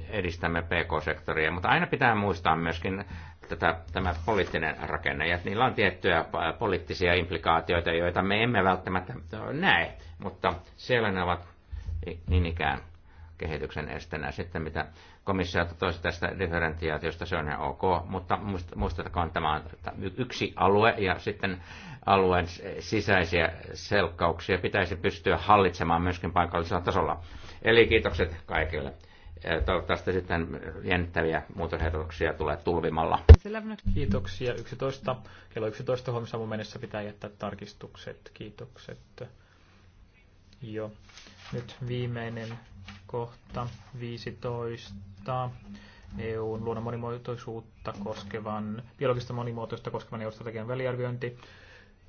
Speaker 3: edistämme PK-sektoria, mutta aina pitää muistaa myöskin tätä, tämä poliittinen rakenne, ja niillä on tiettyjä poliittisia implikaatioita, joita me emme välttämättä näe, mutta siellä ne ovat niin ikään kehityksen estenä. Sitten mitä komissio toisi tästä differentiaatiosta, se on ihan ok, mutta muistetakoon, tämä on yksi alue ja sitten alueen sisäisiä selkkauksia pitäisi pystyä hallitsemaan myöskin paikallisella tasolla. Eli kiitokset kaikille. Toivottavasti sitten jännittäviä muutosehdotuksia tulee tulvimalla.
Speaker 1: Kiitoksia. 11. Kello 11 huomisessa mennessä pitää jättää tarkistukset. Kiitokset. Joo. Nyt viimeinen kohta 15. EUn luonnon monimuotoisuutta koskevan, biologista monimuotoisuutta koskevan EU-strategian väliarviointi.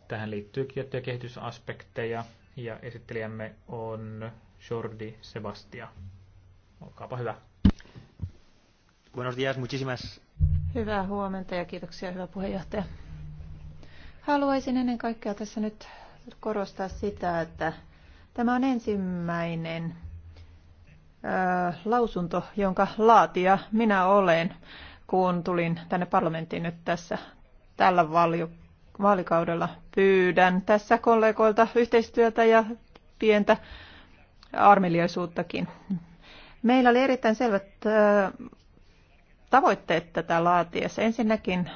Speaker 1: Tähän liittyy tiettyjä kehitysaspekteja ja esittelijämme on Jordi Sebastia. Olkaapa hyvä. Buenos días, muchísimas.
Speaker 2: Hyvää huomenta ja kiitoksia, hyvä puheenjohtaja. Haluaisin ennen kaikkea tässä nyt korostaa sitä, että tämä on ensimmäinen lausunto, jonka laatija minä olen, kun tulin tänne parlamenttiin nyt tässä tällä valio, vaalikaudella. Pyydän tässä kollegoilta yhteistyötä ja pientä armeliaisuuttakin. Meillä oli erittäin selvät tavoitteet tätä laatiessa. Ensinnäkin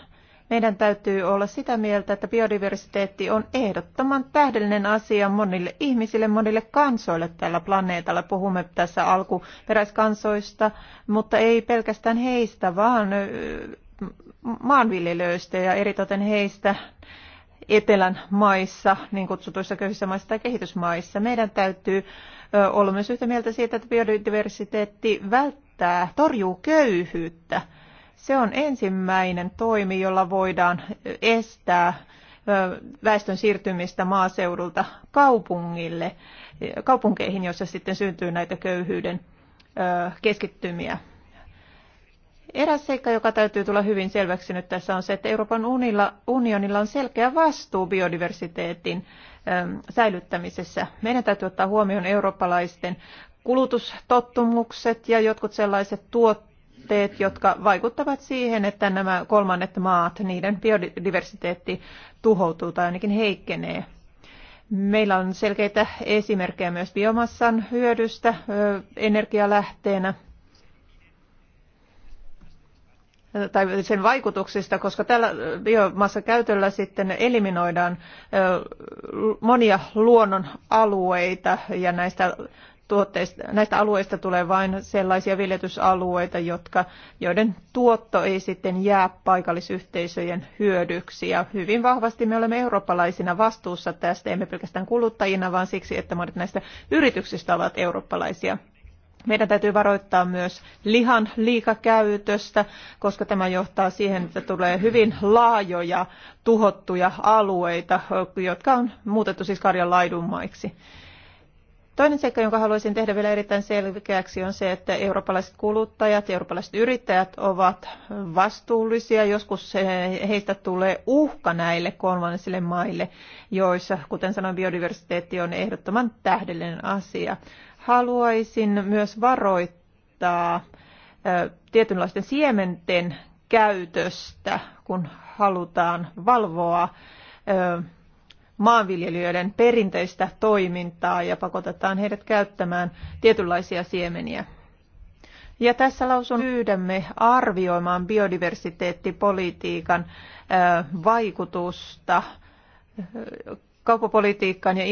Speaker 2: meidän täytyy olla sitä mieltä, että biodiversiteetti on ehdottoman tähdellinen asia monille ihmisille, monille kansoille tällä planeetalla. Puhumme tässä alkuperäiskansoista, mutta ei pelkästään heistä, vaan äh, maanviljelijöistä ja eritoten heistä etelän maissa, niin kutsutuissa köyhissä maissa tai kehitysmaissa. Meidän täytyy äh, olla myös yhtä mieltä siitä, että biodiversiteetti välttää, torjuu köyhyyttä. Se on ensimmäinen toimi, jolla voidaan estää väestön siirtymistä maaseudulta kaupungille, kaupunkeihin, joissa sitten syntyy näitä köyhyyden keskittymiä. Eräs seikka, joka täytyy tulla hyvin selväksi nyt tässä on se, että Euroopan unionilla on selkeä vastuu biodiversiteetin säilyttämisessä. Meidän täytyy ottaa huomioon eurooppalaisten kulutustottumukset ja jotkut sellaiset tuotteet, olosuhteet, jotka vaikuttavat siihen, että nämä kolmannet maat, niiden biodiversiteetti tuhoutuu tai ainakin heikkenee. Meillä on selkeitä esimerkkejä myös biomassan hyödystä energialähteenä tai sen vaikutuksista, koska tällä biomassakäytöllä sitten eliminoidaan monia luonnon alueita ja näistä tuotteista, näistä alueista tulee vain sellaisia viljetysalueita, jotka, joiden tuotto ei sitten jää paikallisyhteisöjen hyödyksi. Ja hyvin vahvasti me olemme eurooppalaisina vastuussa tästä, emme pelkästään kuluttajina, vaan siksi, että monet näistä yrityksistä ovat eurooppalaisia. Meidän täytyy varoittaa myös lihan liikakäytöstä, koska tämä johtaa siihen, että tulee hyvin laajoja tuhottuja alueita, jotka on muutettu siis karjan laidunmaiksi. Toinen seikka, jonka haluaisin tehdä vielä erittäin selkeäksi, on se, että eurooppalaiset kuluttajat ja eurooppalaiset yrittäjät ovat vastuullisia. Joskus heistä tulee uhka näille kolmansille maille, joissa, kuten sanoin, biodiversiteetti on ehdottoman tähdellinen asia. Haluaisin myös varoittaa tietynlaisten siementen käytöstä, kun halutaan valvoa maanviljelijöiden perinteistä toimintaa ja pakotetaan heidät käyttämään tietynlaisia siemeniä. Ja tässä lausun pyydämme arvioimaan biodiversiteettipolitiikan vaikutusta kaupapolitiikkaan ja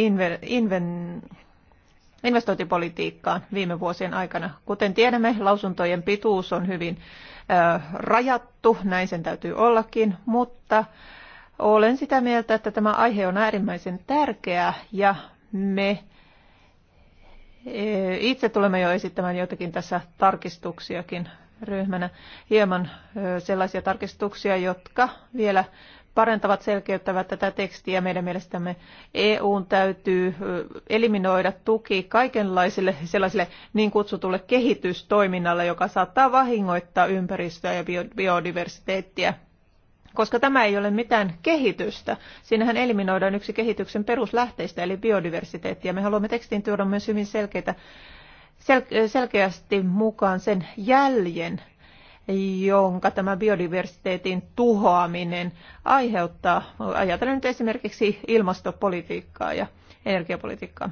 Speaker 2: investointipolitiikkaan viime vuosien aikana. Kuten tiedämme, lausuntojen pituus on hyvin rajattu, näin sen täytyy ollakin, mutta olen sitä mieltä, että tämä aihe on äärimmäisen tärkeä ja me eh, itse tulemme jo esittämään joitakin tässä tarkistuksiakin ryhmänä hieman eh, sellaisia tarkistuksia, jotka vielä parentavat, selkeyttävät tätä tekstiä. Meidän mielestämme EUn täytyy eh, eliminoida tuki kaikenlaisille sellaisille niin kutsutulle kehitystoiminnalle, joka saattaa vahingoittaa ympäristöä ja biodiversiteettiä koska tämä ei ole mitään kehitystä. Siinähän eliminoidaan yksi kehityksen peruslähteistä, eli biodiversiteetti ja Me haluamme tekstiin tuoda myös hyvin selkeitä, sel- selkeästi mukaan sen jäljen, jonka tämä biodiversiteetin tuhoaminen aiheuttaa. Ajatellen nyt esimerkiksi ilmastopolitiikkaa ja energiapolitiikkaa.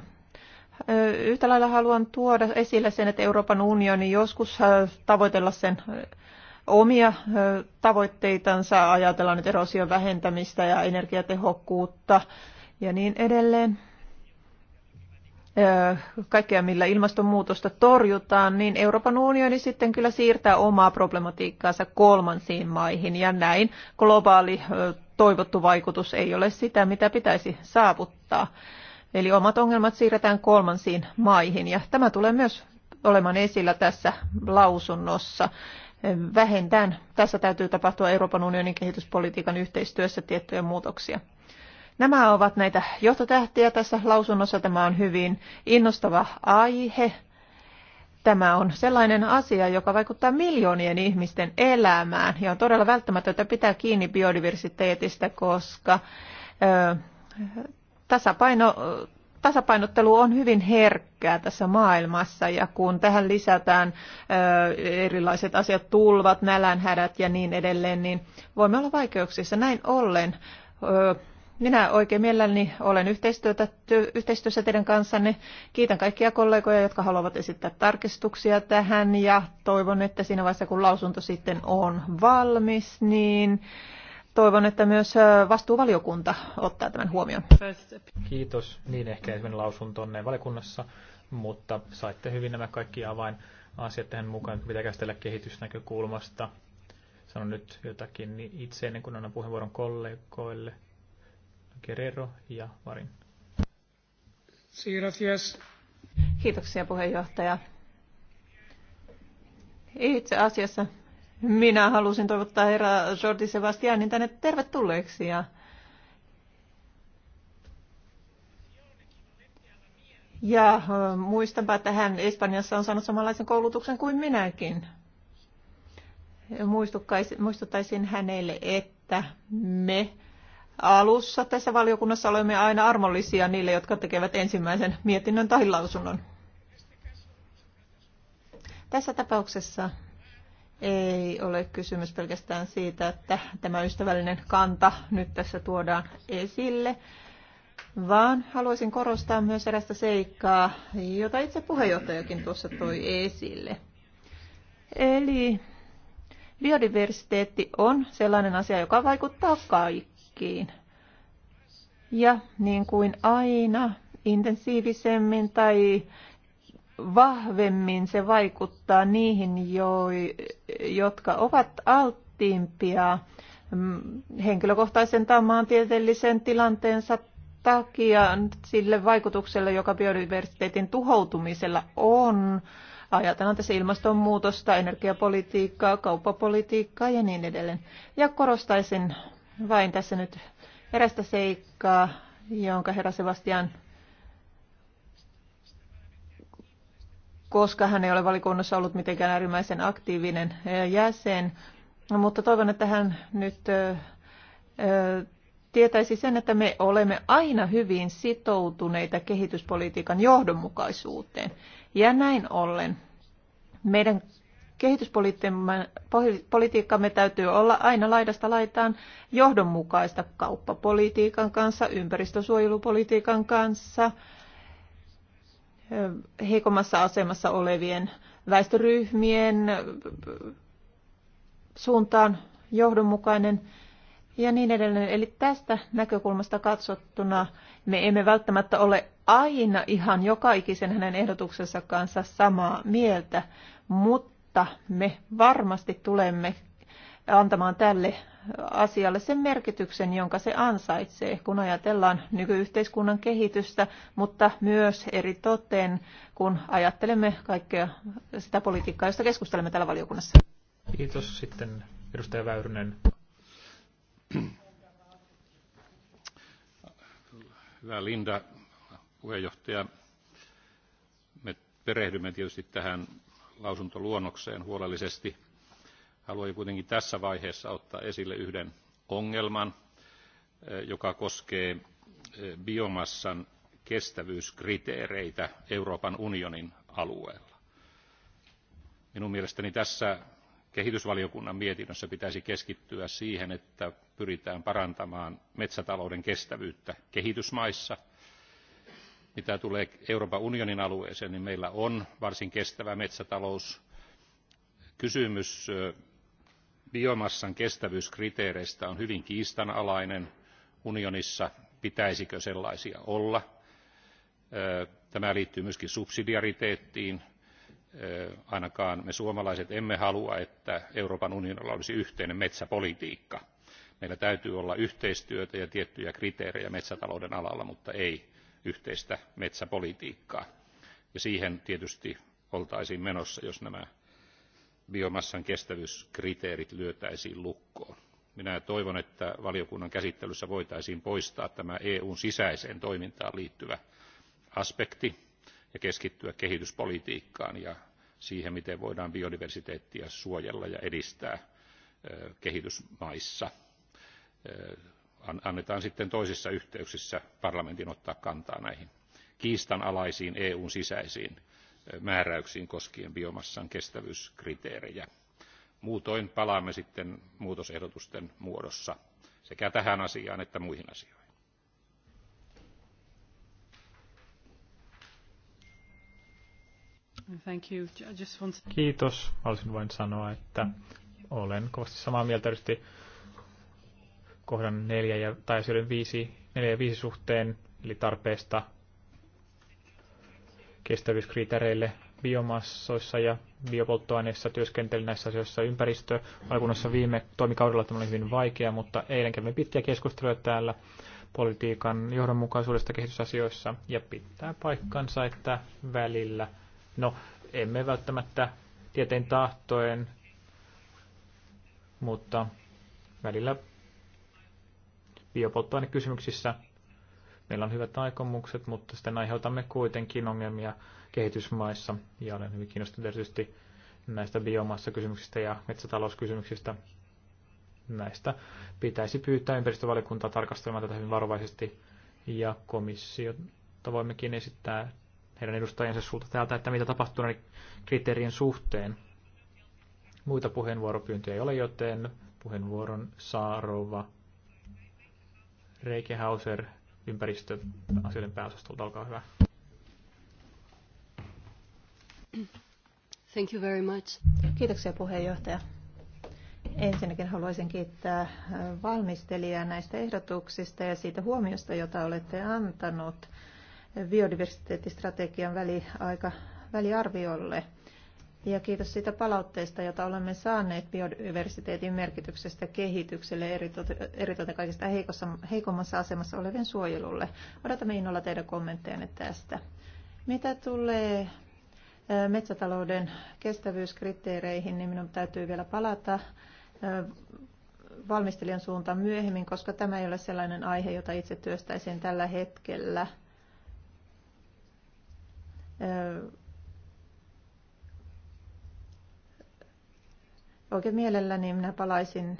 Speaker 2: Yhtä lailla haluan tuoda esille sen, että Euroopan unioni joskus tavoitella sen omia tavoitteitansa, ajatellaan nyt erosion vähentämistä ja energiatehokkuutta ja niin edelleen kaikkea, millä ilmastonmuutosta torjutaan, niin Euroopan unioni sitten kyllä siirtää omaa problematiikkaansa kolmansiin maihin ja näin globaali toivottu vaikutus ei ole sitä, mitä pitäisi saavuttaa. Eli omat ongelmat siirretään kolmansiin maihin ja tämä tulee myös olemaan esillä tässä lausunnossa vähentään. Tässä täytyy tapahtua Euroopan unionin kehityspolitiikan yhteistyössä tiettyjä muutoksia. Nämä ovat näitä johtotähtiä tässä lausunnossa. Tämä on hyvin innostava aihe. Tämä on sellainen asia, joka vaikuttaa miljoonien ihmisten elämään ja on todella välttämätöntä pitää kiinni biodiversiteetistä, koska ö, tasapaino tasapainottelu on hyvin herkkää tässä maailmassa ja kun tähän lisätään erilaiset asiat, tulvat, nälänhädät ja niin edelleen, niin voimme olla vaikeuksissa. Näin ollen minä oikein mielelläni olen yhteistyötä, yhteistyössä teidän kanssanne. Kiitän kaikkia kollegoja, jotka haluavat esittää tarkistuksia tähän ja toivon, että siinä vaiheessa kun lausunto sitten on valmis, niin toivon, että myös vastuuvaliokunta
Speaker 1: ottaa tämän huomioon. Kiitos. Niin ehkä ensimmäinen tuonne valiokunnassa, mutta saitte hyvin nämä kaikki asiat tähän mukaan, mitä käsitellä kehitysnäkökulmasta. Sanon nyt jotakin niin itse ennen kuin annan puheenvuoron kollegoille. Guerrero ja Varin.
Speaker 2: Kiitoksia puheenjohtaja. Itse asiassa minä halusin toivottaa herra Jordi Sebastianin tänne tervetulleeksi ja Ja äh, muistanpa, että hän Espanjassa on saanut samanlaisen koulutuksen kuin minäkin. Muistuttaisin hänelle, että me alussa tässä valiokunnassa olemme aina armollisia niille, jotka tekevät ensimmäisen mietinnön tai lausunnon. Tässä tapauksessa ei ole kysymys pelkästään siitä, että tämä ystävällinen kanta nyt tässä tuodaan esille, vaan haluaisin korostaa myös erästä seikkaa, jota itse puheenjohtajakin tuossa toi esille. Eli biodiversiteetti on sellainen asia, joka vaikuttaa kaikkiin. Ja niin kuin aina, intensiivisemmin tai vahvemmin se vaikuttaa niihin, jo, jotka ovat alttiimpia mm, henkilökohtaisen tai maantieteellisen tilanteensa takia sille vaikutukselle, joka biodiversiteetin tuhoutumisella on. Ajatellaan tässä ilmastonmuutosta, energiapolitiikkaa, kauppapolitiikkaa ja niin edelleen. Ja korostaisin vain tässä nyt erästä seikkaa, jonka herra Sebastian koska hän ei ole valikunnassa ollut mitenkään äärimmäisen aktiivinen jäsen. Mutta toivon, että hän nyt tietäisi sen, että me olemme aina hyvin sitoutuneita kehityspolitiikan johdonmukaisuuteen. Ja näin ollen meidän kehityspolitiikkamme täytyy olla aina laidasta laitaan johdonmukaista kauppapolitiikan kanssa, ympäristösuojelupolitiikan kanssa – heikommassa asemassa olevien väestöryhmien suuntaan johdonmukainen ja niin edelleen. Eli tästä näkökulmasta katsottuna me emme välttämättä ole aina ihan joka ikisen hänen ehdotuksensa kanssa samaa mieltä, mutta me varmasti tulemme antamaan tälle asialle sen merkityksen, jonka se ansaitsee, kun ajatellaan nykyyhteiskunnan kehitystä, mutta myös eri toteen, kun ajattelemme kaikkea sitä politiikkaa, josta keskustelemme täällä valiokunnassa.
Speaker 1: Kiitos. Sitten edustaja Väyrynen.
Speaker 4: Hyvä Linda, puheenjohtaja. Me perehdymme tietysti tähän lausuntoluonnokseen huolellisesti – haluan kuitenkin tässä vaiheessa ottaa esille yhden ongelman eh, joka koskee eh, biomassan kestävyyskriteereitä euroopan unionin alueella. minun mielestäni tässä kehitysvaliokunnan mietinnössä pitäisi keskittyä siihen että pyritään parantamaan metsätalouden kestävyyttä kehitysmaissa. mitä tulee euroopan unionin alueeseen niin meillä on varsin kestävä metsätalous. kysymys eh, biomassan kestävyyskriteereistä on hyvin kiistanalainen unionissa pitäisikö sellaisia olla. tämä liittyy myös subsidiariteettiin ainakaan me suomalaiset emme halua että euroopan unionilla olisi yhteinen metsäpolitiikka. meillä täytyy olla yhteistyötä ja tiettyjä kriteerejä metsätalouden alalla mutta ei yhteistä metsäpolitiikkaa ja siihen tietysti oltaisiin menossa jos nämä biomassan kestävyyskriteerit lyötäisiin lukkoon. minä toivon että valiokunnan käsittelyssä voitaisiin poistaa tämä eun sisäiseen toimintaan liittyvä aspekti ja keskittyä kehityspolitiikkaan ja siihen miten voidaan biodiversiteettiä suojella ja edistää kehitysmaissa. annetaan sitten toisissa yhteyksissä parlamentin ottaa kantaa näihin kiistanalaisiin eun sisäisiin määräyksiin koskien biomassan kestävyyskriteerejä. muutoin palaamme sitten muutosehdotusten muodossa sekä tähän asiaan että muihin asioihin.
Speaker 1: Thank you. Just want... Kiitos. Haluaisin vain sanoa, että olen kovasti samaa mieltä erityisesti kohdan neljä ja, tai asioiden 5, 4 ja suhteen, eli tarpeesta kestävyyskriteereille biomassoissa ja biopolttoaineissa työskentely näissä asioissa ympäristövaliokunnassa viime toimikaudella tämä oli hyvin vaikea, mutta eilen kävimme pitkiä keskusteluja täällä politiikan johdonmukaisuudesta kehitysasioissa ja pitää paikkansa, että välillä, no emme välttämättä tieteen tahtoen, mutta välillä biopolttoainekysymyksissä Meillä on hyvät aikomukset, mutta sitten aiheutamme kuitenkin ongelmia kehitysmaissa. Ja olen hyvin kiinnostunut erityisesti näistä biomassakysymyksistä ja metsätalouskysymyksistä. Näistä pitäisi pyytää ympäristövaliokuntaa tarkastelemaan tätä hyvin varovaisesti. Ja komissiota voimmekin esittää heidän edustajansa suulta täältä, että mitä tapahtuu näiden kriteerien suhteen. Muita puheenvuoropyyntöjä ei ole, joten puheenvuoron saa rouva Reike Hauser ympäristöasioiden pääosastolta. Olkaa hyvä.
Speaker 2: Thank you very much. Kiitoksia puheenjohtaja. Ensinnäkin haluaisin kiittää valmistelijaa näistä ehdotuksista ja siitä huomiosta, jota olette antanut biodiversiteettistrategian väliaika, väliarviolle – ja kiitos siitä palautteesta, jota olemme saaneet biodiversiteetin merkityksestä kehitykselle, eritoten kaikista heikossa, heikommassa asemassa olevien suojelulle. Odotamme innolla teidän kommenttejanne tästä. Mitä tulee metsätalouden kestävyyskriteereihin, niin minun täytyy vielä palata valmistelijan suuntaan myöhemmin, koska tämä ei ole sellainen aihe, jota itse työstäisin tällä hetkellä Oikein mielelläni minä palaisin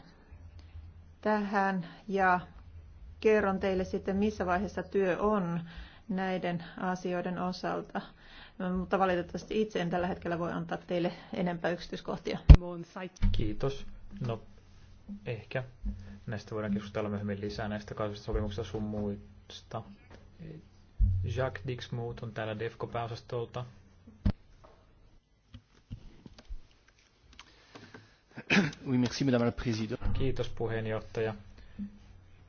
Speaker 2: tähän ja kerron teille sitten, missä vaiheessa työ on näiden asioiden osalta. Mutta valitettavasti itse en tällä hetkellä voi antaa teille enempää yksityiskohtia.
Speaker 1: Kiitos. No, ehkä. Näistä voidaan keskustella myöhemmin lisää näistä kansallisista sopimuksista sun muista. Jacques Dixmuth on täällä DEFCO-pääosastolta. Oui, merci, Kiitos puheenjohtaja.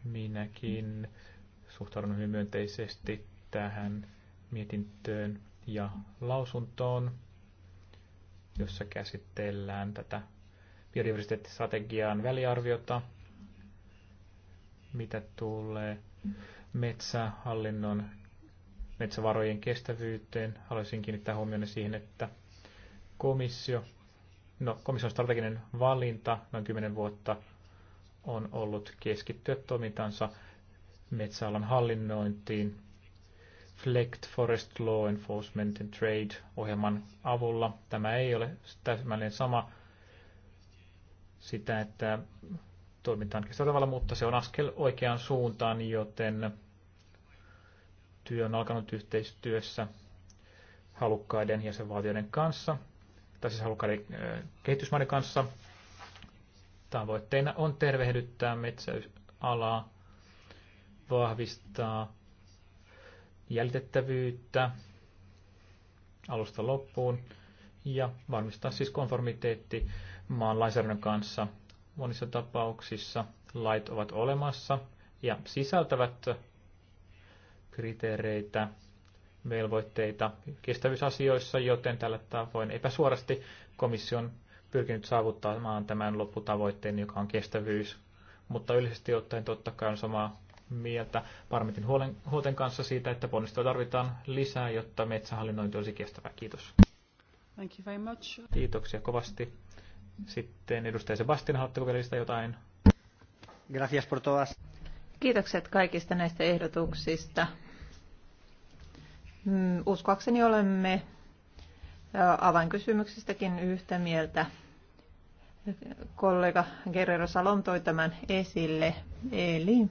Speaker 1: Minäkin suhtaudun hyvin myönteisesti tähän mietintöön ja lausuntoon, jossa käsitellään tätä biodiversiteettistrategian väliarviota, mitä tulee metsähallinnon metsävarojen kestävyyteen. Haluaisin kiinnittää huomioon siihen, että komissio No, komission strateginen valinta noin 10 vuotta on ollut keskittyä toimintansa metsäalan hallinnointiin Flect Forest Law Enforcement and Trade-ohjelman avulla. Tämä ei ole täsmälleen sama sitä, että toiminta on tavalla, mutta se on askel oikeaan suuntaan, joten työ on alkanut yhteistyössä halukkaiden jäsenvaltioiden kanssa tai siis halukkaiden äh, kehitysmaiden kanssa. Tavoitteena on tervehdyttää metsäalaa, vahvistaa jäljitettävyyttä alusta loppuun ja varmistaa siis konformiteetti maan lainsäädännön kanssa. Monissa tapauksissa lait ovat olemassa ja sisältävät kriteereitä velvoitteita kestävyysasioissa, joten tällä tavoin epäsuorasti komission pyrkinyt saavuttamaan tämän lopputavoitteen, joka on kestävyys. Mutta yleisesti ottaen totta kai on samaa mieltä Parmitin huolen, huolten kanssa siitä, että ponnistelua tarvitaan lisää, jotta metsähallinnointi olisi kestävä Kiitos. Thank you very much. Kiitoksia kovasti. Sitten edustaja Sebastian, haluatteko vielä lisätä jotain? Gracias por todas.
Speaker 2: Kiitokset kaikista näistä ehdotuksista. Mm, uskoakseni olemme avainkysymyksistäkin yhtä mieltä. Kollega Guerrero Salom toi tämän esille. Eli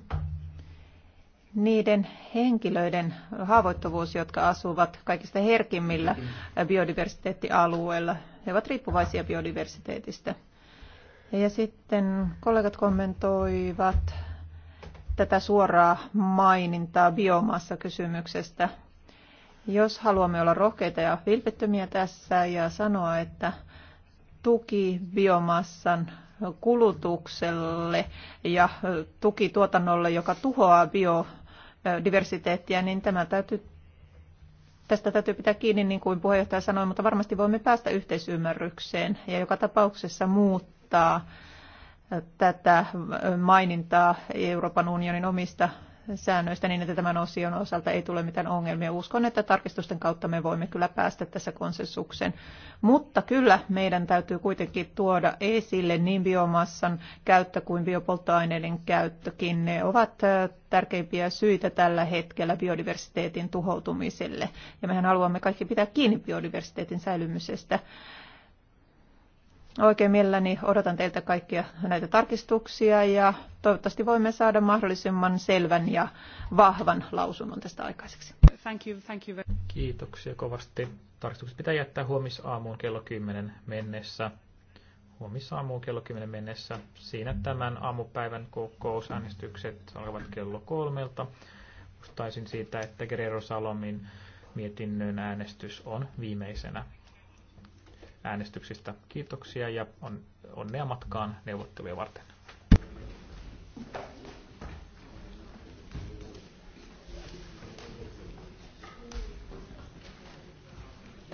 Speaker 2: niiden henkilöiden haavoittuvuus, jotka asuvat kaikista herkimmillä biodiversiteettialueilla, he ovat riippuvaisia biodiversiteetistä. Ja sitten kollegat kommentoivat tätä suoraa mainintaa biomassakysymyksestä. kysymyksestä jos haluamme olla rohkeita ja vilpittömiä tässä ja sanoa, että tuki biomassan kulutukselle ja tuki tuotannolle, joka tuhoaa biodiversiteettiä, niin tämä täytyy, tästä täytyy pitää kiinni, niin kuin puheenjohtaja sanoi, mutta varmasti voimme päästä yhteisymmärrykseen ja joka tapauksessa muuttaa tätä mainintaa Euroopan unionin omista säännöistä niin, että tämän osion osalta ei tule mitään ongelmia. Uskon, että tarkistusten kautta me voimme kyllä päästä tässä konsensukseen. Mutta kyllä meidän täytyy kuitenkin tuoda esille niin biomassan käyttö kuin biopolttoaineiden käyttökin. Ne ovat tärkeimpiä syitä tällä hetkellä biodiversiteetin tuhoutumiselle. Ja mehän haluamme kaikki pitää kiinni biodiversiteetin säilymisestä. Oikein mielelläni odotan teiltä kaikkia näitä tarkistuksia ja toivottavasti voimme saada mahdollisimman selvän ja vahvan lausunnon tästä aikaiseksi.
Speaker 1: Thank you, thank you very... Kiitoksia kovasti. Tarkistukset pitää jättää huomisaamuun kello 10 mennessä. Huomisaamuun kello 10 mennessä. Siinä tämän aamupäivän kokousäänestykset alkavat kello kolmelta. Muistaisin siitä, että Guerrero Salomin mietinnön äänestys on viimeisenä äänestyksistä. Kiitoksia ja on, onnea matkaan neuvotteluja varten.